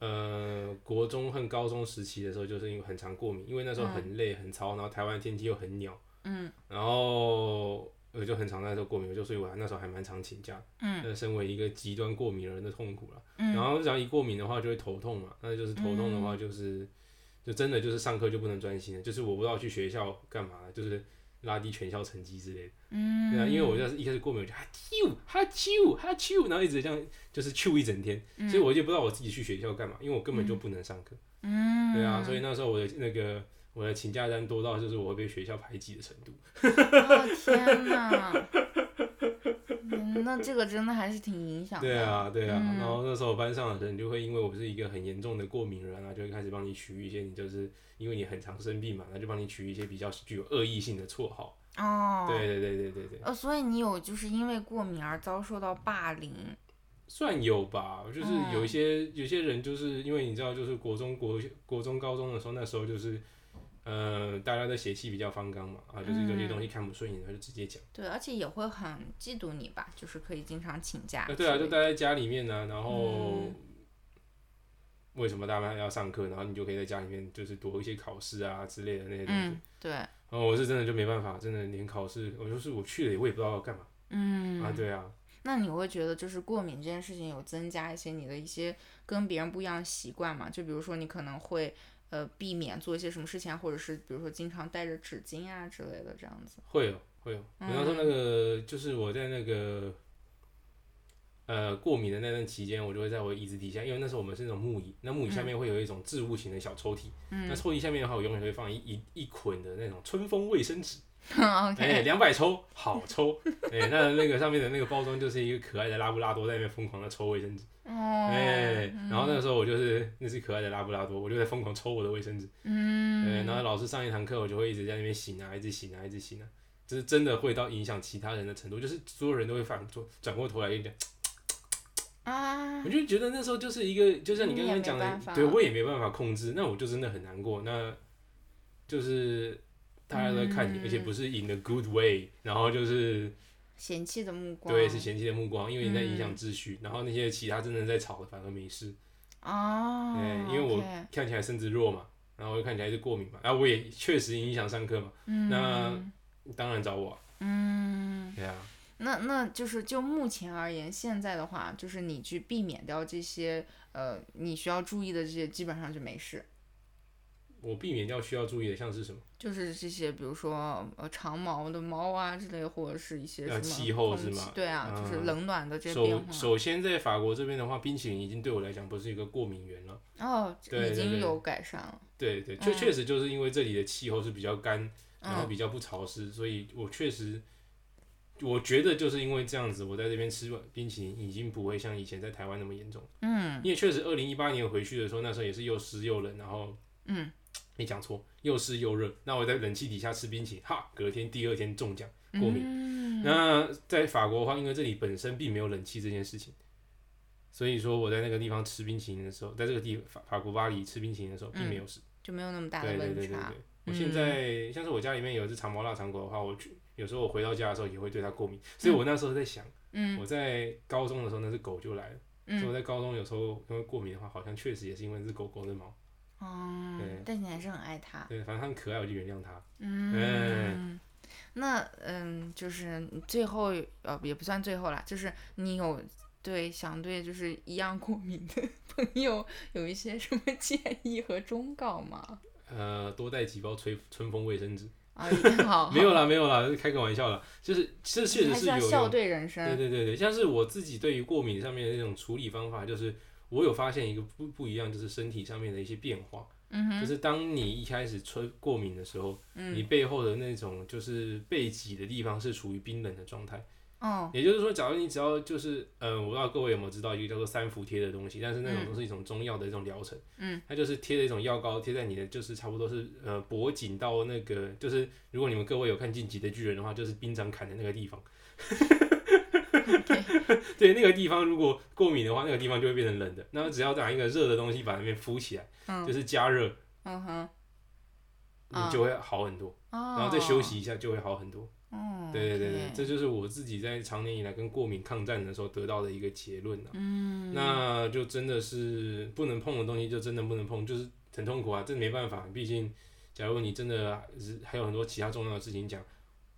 呃，國中和高中時期的時候，就是因為很常過敏，因為那時候很累，很操，然後台灣天氣又很鳥，嗯，然後我就很常那時候過敏，我就所以我那時候還蠻常請假，嗯，那身為一個極端過敏人的痛苦了，嗯，然後只要一過敏的話就會頭痛嘛，那就是頭痛的話就是，嗯、就真的就是上課就不能專心了，就是我不知道去學校幹嘛了，就是。拉低全校成績之類的，嗯，對啊，因為我就是一開始過敏，我就，嗯，哈啾哈啾哈啾，然後一直這樣就是啾一整天，嗯，所以我就不知道我自己去學校幹嘛，因為我根本就不能上課，嗯，對啊，所以那時候我的那個我的請假單多到就是我會被學校排擠的程度，哦， 天哪！嗯， 那這個真的還是挺影響的。對啊，對啊、嗯。然後那時候班上的人就會因為我是一個很嚴重的過敏人啊，就會開始幫你取一些，你就是因為你很常生病嘛，那就幫你取一些比較具有惡意性的綽號。哦。對對對對對對。呃、哦，所以你有就是因為過敏而遭受到霸凌？算有吧，就是有一些、嗯、有些人就是因為你知道，就是國中國國中高中的時候，那時候就是。嗯、呃，大家的血氣比較方剛嘛，啊，就是有些東西看不順眼，他、嗯、就直接講。對，而且也會很嫉妒你吧，就是可以經常請假。呃、對啊，就待在家裡面呢、啊，然後為什麼大家要上課？嗯、然後你就可以在家裡面，就是躲一些考試啊之類的那些東西。嗯、對，然、呃、後我是真的就沒辦法，真的連考試，我就是我去了，我也不知道要幹嘛。嗯。啊，對啊。那你會覺得就是過敏這件事情有增加一些你的一些跟別人不一樣的習慣嗎？就比如說你可能會。呃，避免做一些什麼事情，或者是比如說經常帶着紙巾啊之類的，這樣子。會有、哦，會有、哦。比方說，那個、嗯、就是我在那個呃過敏的那段期間，我就會在我椅子底下，因為那時候我們是那種木椅，那木椅下面會有一種置物型的小抽屜、嗯，那抽屜下面的話，我永遠會放一一,一捆的那種春風衛生紙。哎、哦，兩、okay、百、欸、抽，好抽！哎、欸，那那個上面的那個包裝就是一個可愛的拉布拉多在那邊瘋狂的抽衛生紙。哎、哦欸，然後那個時候我就是、嗯，那隻可愛的拉布拉多，我就在瘋狂抽我的衛生紙。嗯、欸。然後老師上一堂課，我就會一直在那邊擤啊，一直擤啊、啊，一直擤啊、啊啊，就是真的會到影響其他人的程度，就是所有人都會反過轉過頭來一點。啊。我就覺得那時候就是一個，就像你剛剛講的，嗯、對我也沒辦法控制，那我就真的很難過。那就是。大家都在看你，嗯，而且不是 in a good way，然後就是嫌棄的目光，對，是嫌棄的目光，因為你在影響秩序，嗯、然後那些其他真的在吵的反而沒事。哦，對，因為我看起來身子弱嘛，哦 okay、然後又看起來是過敏嘛，然後、啊、我也確實影響上課嘛，嗯，那當然找我、啊，嗯，對、yeah、啊。那那就是就目前而言，現在的話，就是你去避免掉這些呃，你需要注意的這些，基本上就沒事。我避免掉需要注意的，像是什麼？就是這些，比如說呃，長毛的貓啊之類，或者是一些什麼空氣、啊、氣候是嗎？對啊，嗯、就是冷暖的這邊。首先，在法國這邊的話，冰淇淋已經對我來講不是一個過敏源了。哦對對對，已經有改善了。對對，對，確確、嗯、實就是因為這裡的氣候是比較乾，然後比較不潮濕、嗯，所以我確實，我覺得就是因為這樣子，我在這邊吃冰淇淋已經不會像以前在台灣那麼嚴重。嗯，因為確實二零一八年回去的時候，那時候也是又濕又冷，然後嗯。沒講錯，又濕又熱。那我在冷氣底下吃冰淇淋，哈，隔天第二天中獎過敏、嗯。那在法國的話，因為這裡本身並沒有冷氣這件事情，所以說我在那個地方吃冰淇淋的時候，在這個地法法國巴黎吃冰淇淋的時候，並沒有事、嗯，就沒有那麼大的問題、啊。對對對，對、嗯、我現在像是我家裡面有只長毛臘腸狗的話，我有時候我回到家的時候也會對它過敏。所以我那時候在想，嗯、我在高中的時候那只狗就來了、嗯，所以我在高中有時候因為過敏的話，好像確實也是因為那隻狗狗的毛。嗯，嗯，但你還是很愛他。對，反正他很可愛，我就原諒他。嗯，嗯那嗯，就是最後呃也不算最後啦，就是你有對想對就是一樣過敏的朋友有一些什麼建議和忠告嗎？呃，多帶幾包吹春風衛生紙啊好 好，好，沒有啦，沒有啦，開個玩笑啦。就是這確實是還是要笑對人生，對對對對，像是我自己對於過敏上面的那種處理方法就是。我有發現一個不不一樣，就是身體上面的一些變化、嗯。就是當你一開始吹過敏的時候，嗯、你背後的那種就是背脊的地方是處於冰冷的狀態、哦。也就是說，假如你只要就是，嗯、呃……我不知道各位有沒有知道一個叫做三伏貼的東西，但是那種都是一種中藥的一種療程、嗯。它就是貼的一種藥膏，貼在你的就是差不多是呃脖頸到那個就是，如果你們各位有看《進擊的巨人》的話，就是兵長砍的那個地方。 Okay. 對，那個地方如果過敏的話，那個地方就會變成冷的。那麼只要打一個熱的東西把那邊敷起來，嗯、就是加熱，嗯、你就會好很多、哦。然後再休息一下，就會好很多。哦、對對對，對、okay. 這就是我自己在長年以來跟過敏抗戰的時候得到的一個結論了、啊嗯。那就真的是不能碰的東西，就真的不能碰，就是很痛苦啊。這沒辦法，畢竟假如你真的是還有很多其他重要的事情講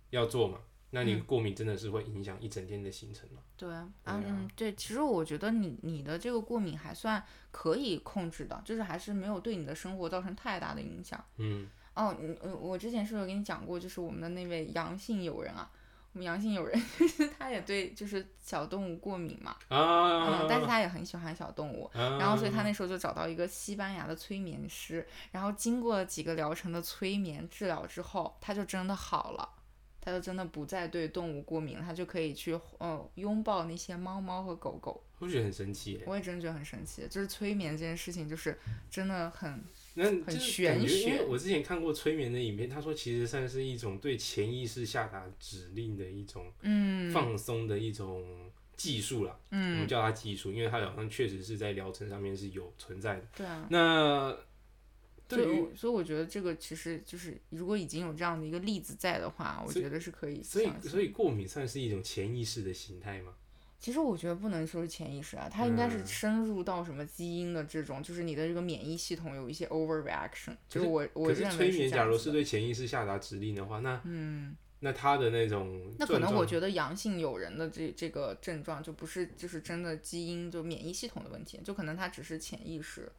要做嘛。那你過敏真的是會影響一整天的行程嗎？嗯、對，嗯，對，其實我覺得你你的這個過敏還算可以控制的，就是還是沒有對你的生活造成太大的影響。嗯，哦，我我之前是不是有跟你講過，就是我們的那位楊姓友人啊，我們楊姓友人、就是、他也對就是小動物過敏嘛，啊，嗯，但是他也很喜歡小動物，啊、然後所以他那時候就找到一個西班牙的催眠師，然後經過了幾個療程的催眠治療之後，他就真的好了。他就真的不再對動物過敏，他就可以去嗯、哦、擁抱那些貓貓和狗狗。我覺得很神奇、欸。我也真的覺得很神奇，就是催眠這件事情，就是真的很那很玄學。就是、因為我之前看過催眠的影片，他說其實算是一種對潛意識下達指令的一種嗯放鬆的一種技術了。嗯，我們叫它技術，因為它好像確實是在療程上面是有存在的。對啊。那。所以，所以我覺得這個其實就是，如果已經有這樣的一個例子在的話，我覺得是可以相信。所以，所以過敏算是一種潛意識的形態嗎？其實我覺得不能說是潛意識啊，它應該是深入到什麼基因的這種，嗯，就是你的這個免疫系統有一些 overreaction。就是我，我認為是催眠假如是對潛意識下達指令的話，那嗯，那他的那種，那可能我覺得陽性有人的這這個症狀就不是，就是真的基因就免疫系統的問題，就可能它只是潛意識。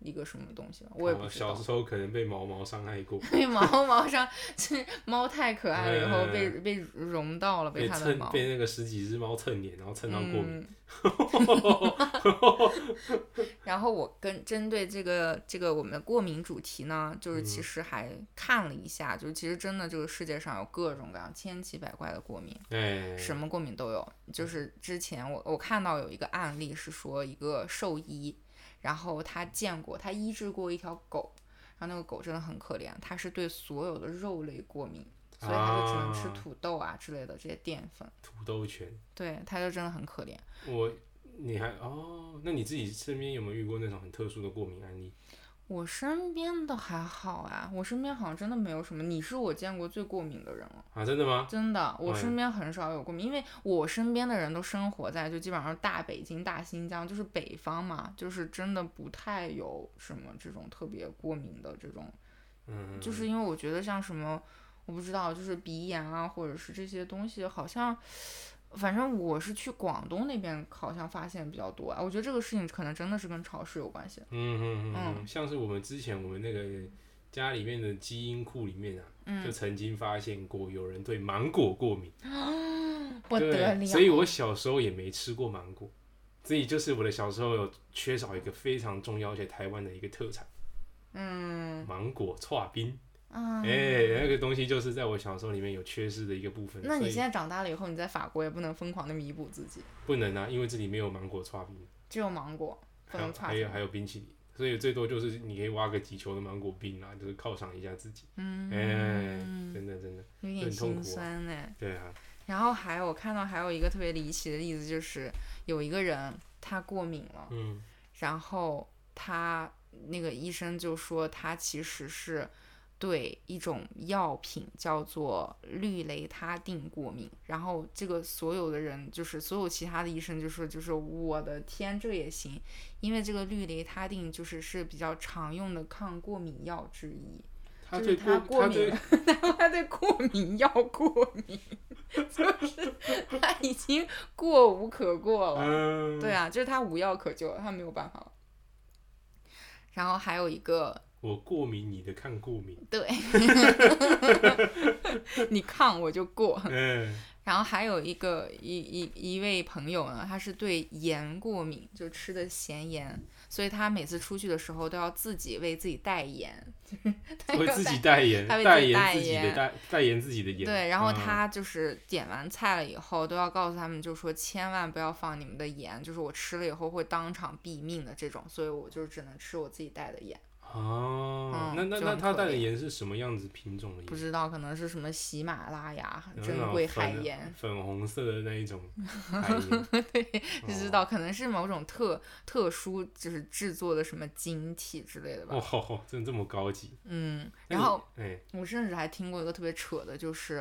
一個什麼東西我也不知道。小時候可能被毛毛傷害過。 被毛毛傷，其實貓太可愛了，以後、嗯、被被融到了，被它的毛被那個十幾隻貓蹭臉，然後蹭到過敏。嗯、 然後我跟針對這個這個我們的過敏主題呢，就是其實還看了一下，嗯、就是其實真的這個世界上有各種各樣千奇百怪的過敏，對、嗯，什麼過敏都有。嗯、就是之前我我看到有一個案例是說一個獸醫。然後他見過，他醫治過一條狗，然後那個狗真的很可憐，它是對所有的肉類過敏，所以它就只能吃土豆啊之類的、啊、這些澱粉。土豆犬。對，它就真的很可憐。我，你還哦，那你自己身邊有沒有遇過那種很特殊的過敏案例？我身邊倒還好啊，我身邊好像真的沒有什麼。你是我見過最過敏的人了啊。真的嗎？真的，我身邊很少有過敏，哎，因為我身邊的人都生活在就基本上大北京、大新疆，就是北方嘛，就是真的不太有什麼這種特別過敏的這種，嗯，就是因為我覺得像什麼我不知道，就是鼻炎啊，或者是這些東西好像。反正我是去廣東那邊，好像發現比較多啊。我覺得這個事情可能真的是跟潮濕有關係。嗯哼嗯哼嗯，哼嗯，像是我們之前我們那個家裡面的基因庫裡面啊、嗯，就曾經發現過有人對芒果過敏。不、啊、得了！所以我小時候也沒吃過芒果，所以就是我的小時候有缺少一個非常重要而且台灣的一個特產，嗯，芒果、剉冰。哎、嗯，欸，那個東西就是在我小時候裡面有缺失的一個部分。那你現在長大了以後，以你在法國也不能瘋狂的彌補自己。不能啊，因為這裡沒有芒果刨冰，只有芒果，不能刨。還有還有冰淇淋，所以最多就是你可以挖個幾球的芒果冰啊，就是犒賞一下自己。嗯。哎、欸，真的真的有點心酸呢，欸，啊，欸。對啊。然後還有我看到還有一個特別離奇的例子，就是有一個人他過敏了，嗯，然後他那個醫生就說他其實是對一種藥品叫做氯雷他定過敏，然後這個所有的人就是所有其他的醫生就說：“就是我的天，這個也行，因為這個氯雷他定就是是比較常用的抗過敏藥之一。”就是他過敏，然後他， 他對過敏藥過敏， 就是他已經過無可過了。嗯、對啊，就是他無藥可救了，他沒有辦法了。然後還有一個。我過敏，你的抗過敏。對 你抗我就過。嗯，然後還有一個一一一位朋友呢，他是對鹽過敏，就吃的鹹鹽，所以他每次出去的時候都要自己為自己帶鹽。會自己代鹽， 他為自己代言自己的鹽，代言自己的鹽。對，然後他就是點完菜了以後，嗯、都要告訴他們，就是說千萬不要放你們的鹽，就是我吃了以後會當場斃命的這種，所以我就只能吃我自己帶的鹽。哦，嗯、那那那他帶的鹽是什麼樣子品種的鹽？不知道，可能是什麼喜馬拉雅珍貴海鹽，粉紅色的那一種海鹽。 對，不、哦、知道，可能是某種特特殊，就是制作的什麼晶體之類的吧。哦，哦真這麼高級？嗯，然後、哎，我甚至還聽過一個特別扯的，就是，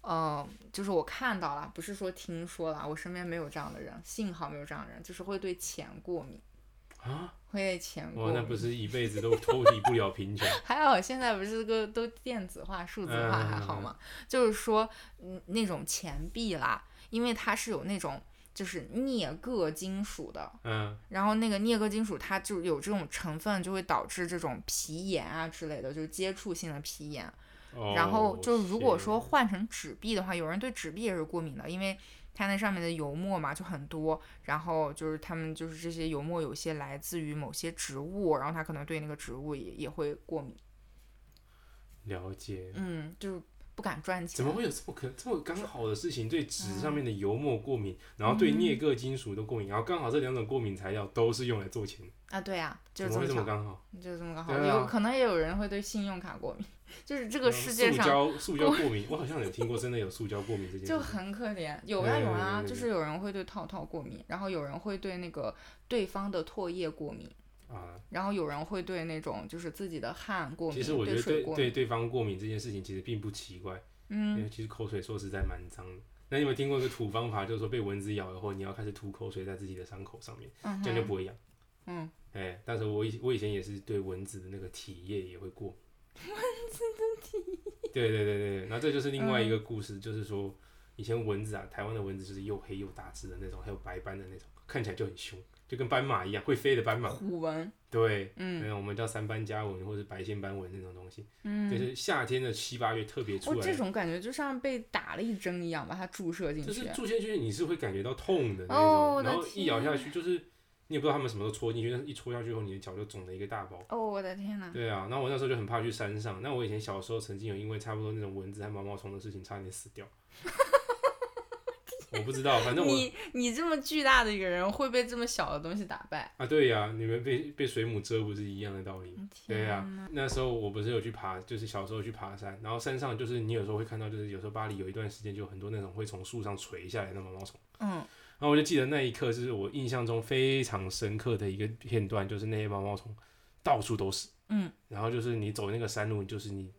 嗯、呃，就是我看到了，不是說聽說了，我身邊沒有這樣的人，幸好沒有這樣的人，就是會對錢過敏啊。會錢過、哦，那不是一輩子都脫離不了貧窮。 還好現在不是都都電子化、數字化還好嗎？嗯、就是說，嗯，那種錢幣啦，因為它是有那種就是鎳鉻金屬的，嗯，然後那個鎳鉻金屬它就有這種成分，就會導致這種皮炎啊之類的，就是接觸性的皮炎。哦、然後就是如果說換成紙幣的話，有人對紙幣也是過敏的，因為。他那上面的油墨嘛就很多，然後就是他們就是這些油墨有些來自於某些植物，然後他可能對那個植物也也會過敏。了解。嗯，就是不敢賺錢。怎麼會有這麼可這麼剛好的事情？對紙上面的油墨過敏，啊、然後對鎳鉻金屬都過敏、嗯，然後剛好這兩種過敏材料都是用來做錢啊？對啊，就這麼巧，怎麼這麼剛好？就是這麼剛好。有可能也有人會對信用卡過敏。就是這個世界上，嗯、塑膠過敏，我， 我好像有聽過，真的有塑膠過敏這件事情，就很可憐。有啊有啊、嗯，就是有人會對套套過敏、嗯嗯，然後有人會對那個對方的唾液過敏啊，然後有人會對那種就是自己的汗過敏。其實我覺得對對，對對對方過敏這件事情其實並不奇怪，嗯，因為其實口水說實在蠻髒的。那你有沒有聽過一個土方法，就是說被蚊子咬了以後，你要開始吐口水在自己的傷口上面、嗯，這樣就不會癢。嗯，哎、欸，但是我以我以前也是對蚊子的那個體液也會過敏。蚊子的體對對對對對，那這就是另外一個故事、嗯，就是說以前蚊子啊，台灣的蚊子就是又黑又大只的那種，還有白斑的那種，看起來就很兇，就跟斑馬一樣，會飛的斑馬。虎蚊。對，嗯，沒有，我們叫三斑家蚊或者白線斑蚊那種東西，嗯，就是夏天的七八月特別出來、哦。這種感覺就像被打了一針一樣，把它注射進去。就是注射進去，你是會感覺到痛的那種，哦、然後一咬下去就是。你也不知道他們什麼時候戳進去，但是一戳下去後，你的腳就腫了一個大包。哦，我的天哪！對啊，那我那時候就很怕去山上。那我以前小時候曾經有因為差不多那種蚊子和毛毛蟲的事情，差點死掉。 我不知道，反正我，你你這麼巨大的一個人會被這麼小的東西打敗啊？對呀，啊，你們被被水母蟄不是一樣的道理？對呀，啊，那時候我不是有去爬，就是小時候去爬山，然後山上就是你有時候會看到，就是有時候巴黎有一段時間就很多那種會從樹上垂下來的毛毛蟲。嗯。然後我就記得那一刻，是我印象中非常深刻的一個片段，就是那些毛毛蟲到處都是，嗯，然後就是你走那個山路，就是你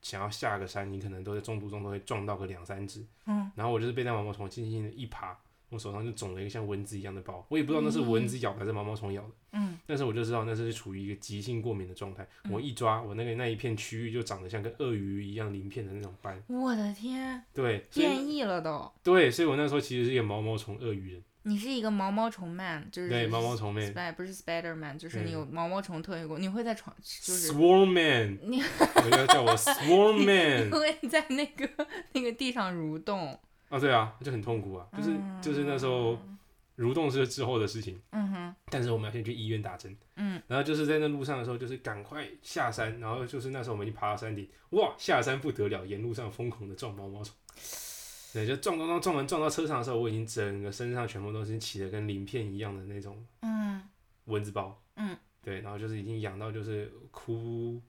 想要下個山，你可能都在中途中都會撞到個兩三隻，嗯，然後我就是被那毛毛蟲輕輕的一爬，我手上就腫了一個像蚊子一樣的包，我也不知道那是蚊子咬的、嗯、還是毛毛蟲咬的。嗯，但是我就知道那是處於一個急性過敏的狀態、嗯。我一抓，我那個那一片區域就長得像跟鱷魚一樣鱗片的那種斑。我的天！對，變異了都。對，所以我那時候其實是一個毛毛蟲鱷魚人。你是一個毛毛蟲 man，就是對毛毛蟲 man，spi, 不是 spider man，就是你有毛毛蟲特異功能、嗯，你會在床就是 swarm man，不要叫我 swarm man，因為在那個那個地上蠕動。啊，對啊，就很痛苦啊，嗯、就是就是那時候蠕動是之後的事情，嗯哼。但是我們要先去醫院打針，嗯。然後就是在那路上的時候，就是趕快下山，然後就是那時候我們已經爬到山頂，哇，下山不得了，沿路上瘋狂的撞毛毛蟲，對，就撞撞撞撞門撞到車上的時候，我已經整個身上全部都是起的跟鱗片一樣的那種，嗯，蚊子包，嗯，對，然後就是已經癢到就是哭，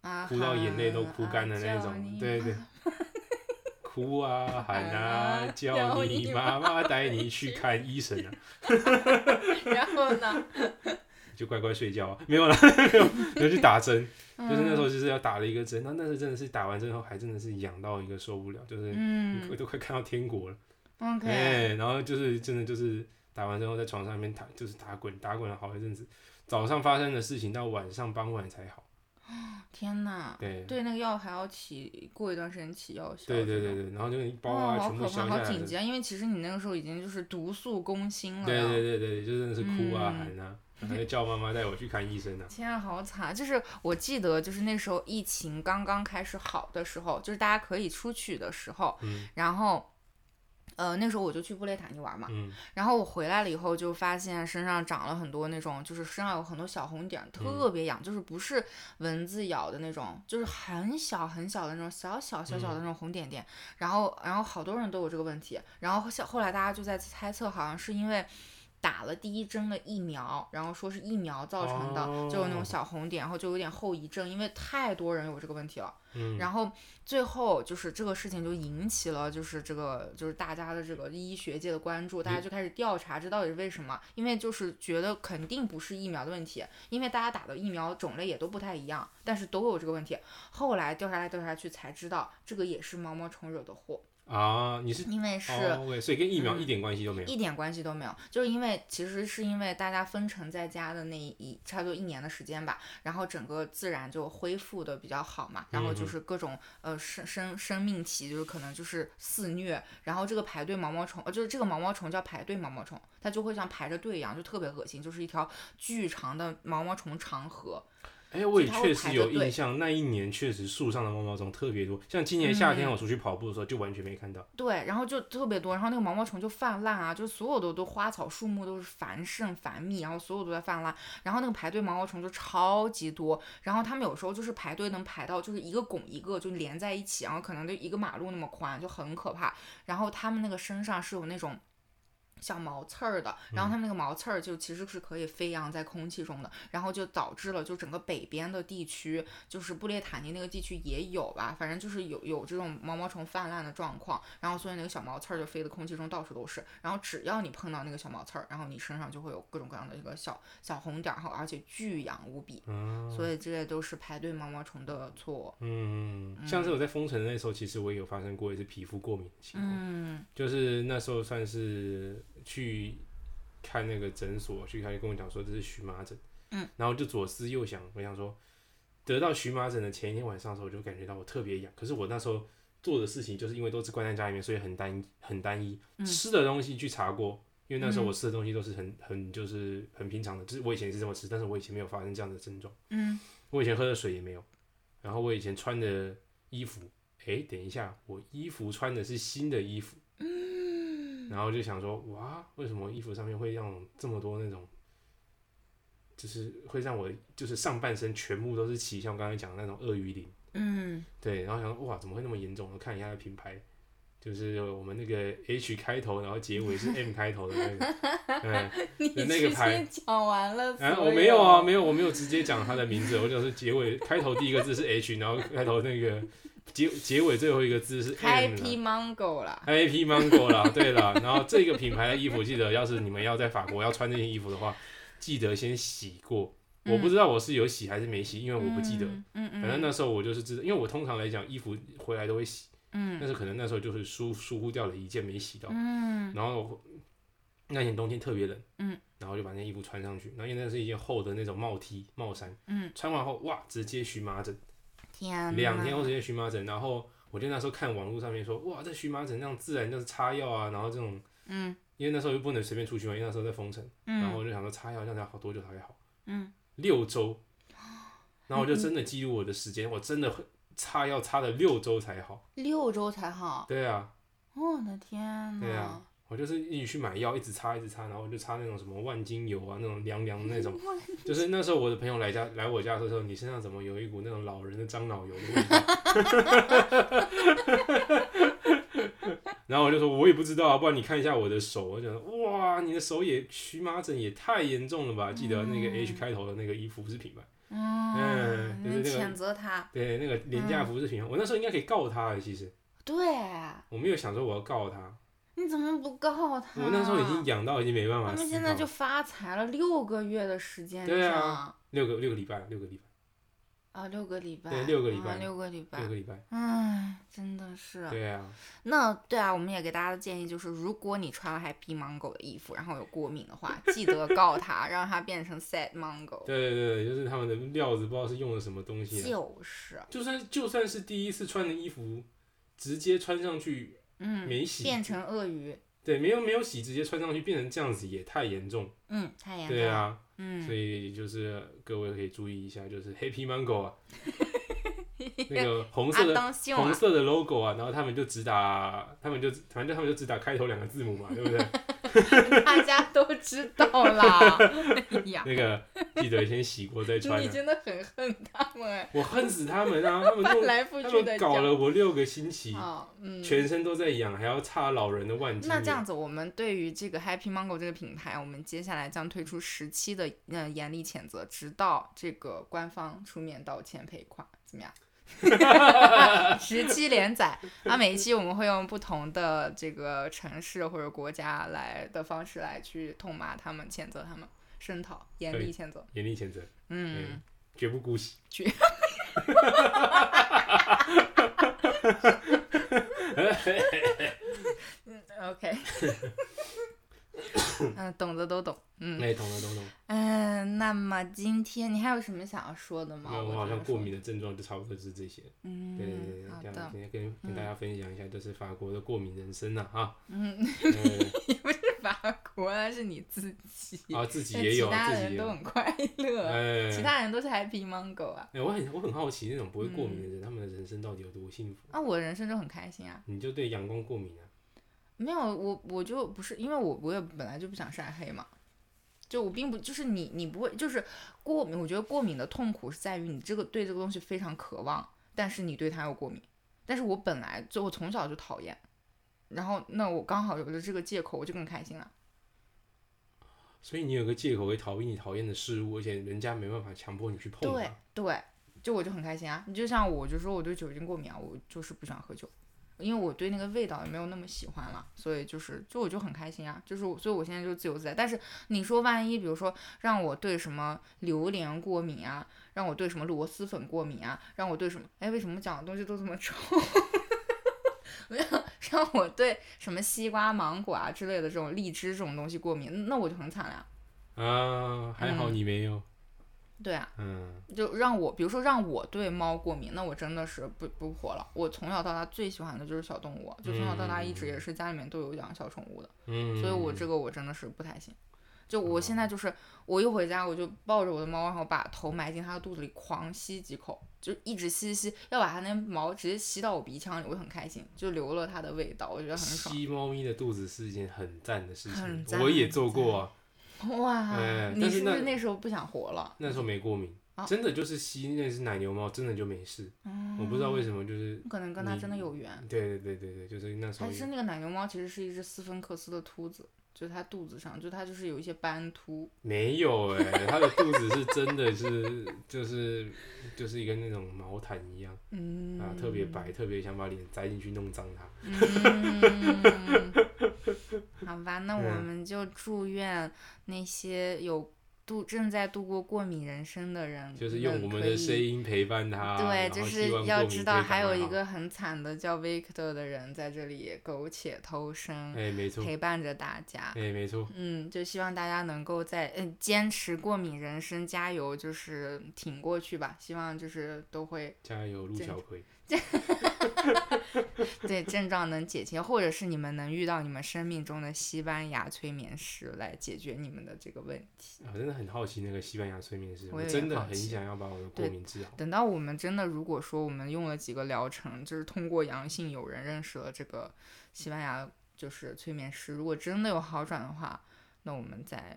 嗯、哭到眼淚都哭乾的那種。嗯、對，對，對，對、嗯。 哭啊，喊啊，叫你媽媽帶你去看醫生啊，然後呢，就乖乖睡覺、啊，沒有啦，沒有去打針、嗯，就是那時候就是要打了一個針，那那是真的是打完針後還真的是癢到一個受不了，就是我都快看到天國了，哎、嗯 okay. 欸，然後就是真的就是打完之後在床上面躺就是打滾，打滾了好一陣子，早上發生的事情到晚上傍晚才好。天哪！對，對那個藥還要起過一段時間起藥效。對對對對，然後就一包啊，什麼的。哇，好可怕，好緊急啊！因為其實你那個時候已經就是毒素攻心了。對對對對，就真的是哭啊、嗯、喊啊，然後叫媽媽帶我去看醫生呢、啊。天啊，好慘！就是我記得，就是那時候疫情剛剛開始好的時候，就是大家可以出去的時候，嗯、然後。呃，那時候我就去布列塔尼玩嘛，嗯，然後我回來了以後就發現身上長了很多那種，就是身上有很多小紅點，特別癢，就是不是蚊子咬的那種，嗯、就是很小很小的那種小，小小小小的那種紅點點，嗯、然後然後好多人都有這個問題，然後後後來大家就在猜測，好像是因為。打了第一針的疫苗，然後說是疫苗造成的，Oh. 就有那種小紅點，然後就有點後遺症，因為太多人有這個問題了。Mm. 然後最後就是這個事情就引起了就是這個就是大家的這個醫學界的關注，大家就開始調查，這到底是為什麼？Mm. 因為就是覺得肯定不是疫苗的問題，因為大家打的疫苗種類也都不太一樣，但是都有這個問題。後來調查來調查去，才知道這個也是毛毛蟲惹的禍。啊，你是因為是，哦、okay, 所以跟疫苗一點關係都沒有，嗯、一點關係都沒有，就是因為其實是因為大家封城在家的那一差不多一年的時間吧，然後整個自然就恢復的比較好嘛，然後就是各種呃生生生命體就是可能就是肆虐，然後這個排隊毛毛蟲，呃，就是這個毛毛蟲叫排隊毛毛蟲，它就會像排着隊一樣，就特別噁心，就是一條巨長的毛毛蟲長河。哎，我也確實有印象，那一年確實樹上的毛毛蟲特別多。像今年夏天我出去跑步的時候，就完全沒看到。嗯，對，然後就特別多，然後那個毛毛蟲就泛濫啊，就是所有的都花草樹木都是繁盛繁密，然後所有都在泛濫，然後那個排隊毛毛蟲就超級多，然後他們有時候就是排隊能排到就是一個拱一個就連在一起，然後可能就一個馬路那麼寬，就很可怕。然後他們那個身上是有那種。小毛刺兒的，然後他們那個毛刺兒就其實是可以飛揚在空氣中的，嗯，然後就導致了就整個北邊的地區，就是布列塔尼那個地區也有吧，反正就是有有這種毛毛蟲氾濫的狀況，然後所以那個小毛刺兒就飛的空氣中到處都是，然後只要你碰到那個小毛刺兒，然後你身上就會有各種各樣的一個小小紅點兒，然後而且巨癢無比，嗯，所以這些都是排隊毛毛蟲的錯誤。嗯，像是我在封城那時候，其實我也有發生過一些皮膚過敏的情況，嗯，就是那時候算是。去看那個診所，去他就跟我講說，這是蕁麻疹，嗯，然後就左思右想，我想說得到蕁麻疹的前一天晚上的時候，我就感覺到我特別癢。可是我那時候做的事情，就是因為都是關在家裡面，所以很單很單一，嗯，吃的東西去查過，因為那時候我吃的東西都是很很就是很平常的，嗯，就是我以前也是這麼吃，但是我以前沒有發生這樣的症狀，嗯，我以前喝的水也沒有，然後我以前穿的衣服，哎，等一下，我衣服穿的是新的衣服，嗯。然後就想說，哇，為什麼衣服上面會讓我這麼多那種，就是會讓我就是上半身全部都是奇像我剛才講的那種鱷魚鱗，嗯，對，然後想說，哇，怎麼會那麼嚴重？我看一下他的品牌，就是我們那個 H 開頭，然後結尾是 M 開頭的那個， 嗯、你那個牌講完了，啊、嗯，我沒有啊，沒有，我沒有直接講它的名字，我就是結尾 開頭第一個字是 H，然後開頭那個。結結尾最後一個字是 Happy Mango 啦 Happy Mango 啦。對啦， 然後這個品牌的衣服，記得要是你們要在法國要穿這件衣服的話，記得先洗過、嗯。我不知道我是有洗還是沒洗，因為我不記得。嗯嗯嗯、反正那時候我就是知道，因為我通常來講衣服回來都會洗。嗯。但是可能那時候就是疏疏忽掉了，一件沒洗到。嗯。然後那年冬天特別冷。嗯。然後就把那件衣服穿上去，然後因為那是一件厚的那種帽 T、帽衫。嗯。穿完後哇，直接蕁麻疹。兩天我直接蕁麻疹，然後我就那時候看網絡上面說，哇，這蕁麻疹這樣自然就是擦藥啊，然後這種，嗯，因為那時候又不能隨便出去玩，因為那時候在封城，嗯，然後我就想說擦藥這樣要好多久才會好，嗯，六周，然後我就真的記錄我的時間，嗯，我真的擦藥擦了六周才好，六周才好，對啊，我的天吶，對啊。我就是一直去買藥，一直擦，一直擦，然後就擦那種什麼萬金油啊，那種涼涼的那種。 就是那時候我的朋友來家來我家的時候，你身上怎麼有一股那種老人的樟腦油的味道？ 然後我就說，我也不知道，不然你看一下我的手。我就說，哇，你的手也蕁麻疹也太嚴重了吧、嗯？記得那個 H 開頭的那個衣服不是品牌、嗯嗯？嗯，就是譴、那、責、個、他。對，那個廉價服飾品、嗯，我那時候應該可以告他的。其實。對。我沒有想說我要告他。你怎麼不告他、啊？我那時候已經癢到已經沒辦法了。他們現在就發財了，六個月的時間。對啊，六個六個禮拜，六個禮拜啊，六個禮拜、啊。六個禮拜，六個禮拜。六個禮拜。唉，真的是、啊。對啊。那對啊，我們也給大家的建議就是，如果你穿了 Happy Mango 的衣服，然後有過敏的話，記得告他， 讓他變成 Sad Mango。對對對，就是他們的料子不知道是用了什麼東西、啊。就是。就算就算是第一次穿的衣服，直接穿上去。嗯，沒洗變成鱷魚，對，沒有沒有洗，直接穿上去變成這樣子也太嚴重，嗯，太嚴重，對啊，嗯，所以就是各位可以注意一下，就是 Happy Mango 啊， 那個紅色的、 啊啊、紅色的 logo 啊，然後他們就只打，他們就反正他們就只打開頭兩個字母嘛，對不對？ 大家都知道啦。 那個記得先洗過再穿。 你真的很恨他們。 我恨死他們、啊，然後他們 來去的他們搞了我六個星期， 哦、嗯，全身都在癢，還要擦老人的萬金。那這樣子，我們對於這個 Happy Mongo 這個品牌，我們接下來將推出17的嗯嚴厲譴責，直到這個官方出面道歉賠款，怎麼樣？ 十期連載，啊每一期我們會用不同的這個城市或者國家來的方式來去痛罵他們、譴責他們、聲、欸、討、嚴厲譴責、嚴厲譴責，嗯，絕不姑息，絕。哈哈哈哈哈！哈哈哈哈哈！哈哈哈哈哈！嗯，OK。 嗯，懂的都懂，嗯，那、欸、也懂的都懂，懂。嗯，那麼今天你還有什麼想要說的嗎？沒我好像過敏的症狀就差不多是這些。嗯，對對對，這樣今天跟跟大家分享一下，就、嗯、是法國的過敏人生了、啊、哈、啊。嗯，也、嗯、不是法國，是你自己啊，自己啊自己，自己也有，其他人都很快樂，其他人都是 happy mango 啊。對、啊，我、欸、很我很好奇，那種不會過敏的人、嗯，他們的人生到底有多幸福？那、啊、我人生就很開心啊。你就對陽光過敏啊？沒有，我我就不是，因為我我也本來就不想曬黑嘛，就我並不，就是你你不會就是過敏，我覺得過敏的痛苦是在於你這個對這個東西非常渴望，但是你對它又過敏。但是我本來就我從小就討厭，然後那我剛好有了這個借口，我就更開心了。所以你有個借口會逃避你討厭的事物，而且人家沒辦法強迫你去碰。對對，就我就很開心啊。你就像我就說我對酒精過敏啊，我就是不想喝酒。因為我對那個味道也沒有那麼喜歡了，所以就是，就我就很開心啊，就是，所以我現在就自由自在。但是你說萬一，比如說讓我對什麼榴蓮過敏啊，讓我對什麼螺螄粉過敏啊，讓我對什麼，哎，為什麼講的東西都這麼臭？讓 沒有，我讓我對什麼西瓜、芒果啊之類的這種荔枝這種東西過敏，那我就很慘了。啊，還好你沒有。嗯對啊，嗯，就讓我，比如說讓我對貓過敏，那我真的是不不活了。我從小到大最喜歡的就是小動物，就從小到大一直也是家裡面都有養小寵物的，嗯，所以我這個我真的是不太行。嗯，就我現在就是，我一回家我就抱着我的貓，然後把頭埋進它的肚子裡狂吸幾口，就一直吸一吸，要把它那毛直接吸到我鼻腔裡，我很開心，就留了它的味道，我覺得很爽。吸貓咪的肚子是一件很讚的事情，很讚我也做過啊。哇、嗯！你是不是那時候不想活了？那時候沒過敏，啊、真的就是吸那隻奶牛貓，真的就沒事、嗯。我不知道為什麼，就是可能跟它真的有緣。對對對對對，就是那時候。它是那個奶牛貓，其實是一只斯芬克斯的禿子，就是它肚子上，就它就是有一些斑禿。沒有哎、欸，它的肚子是真的是 就是就是一個那種毛毯一樣，嗯、啊，特別白，特別想把臉塞進去弄髒它。嗯 好吧，那我們就祝願那些有度正在度過過敏人生的人，就是用我們的聲音陪伴他。 對，就是要知道，還有一個很慘的叫 Victor 的人在這裡苟且偷生。陪伴着大家。哎，沒錯。哎，沒錯。嗯，就希望大家能夠在嗯堅持過敏人生，加油，就是挺過去吧。希望就是都會加油，陸小葵。 對，症狀能減輕，或者是你們能遇到你們生命中的西班牙催眠師來解決你們的這個問題。啊，真的很好奇那個西班牙催眠師，我真的很想要把我的過敏治好。等到我們真的如果說我們用了幾個療程，就是通過陽性有人認識了這個西班牙就是催眠師，如果真的有好轉的話，那我們再。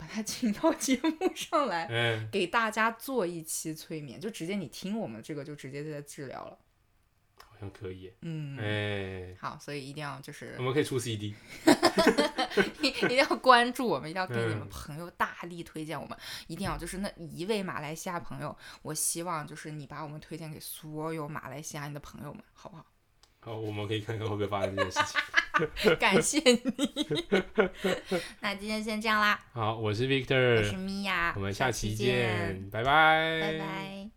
把他請到節目上來，給大家做一期催眠、嗯，就直接你聽我們這個就直接在治療了，好像可以。嗯、哎，好，所以一定要就是我們可以出 CD， 一一定要關注我們，一定要給你們朋友大力推薦我們、嗯，一定要就是那一位馬來西亞朋友，我希望就是你把我們推薦給所有馬來西亞的朋友們，好不好？好，我們可以看看會不會發生這件事情。 感謝你。 那今天先這樣啦。好，我是 Victor，我是 Mia，我們下期見，下期見。拜拜。拜拜。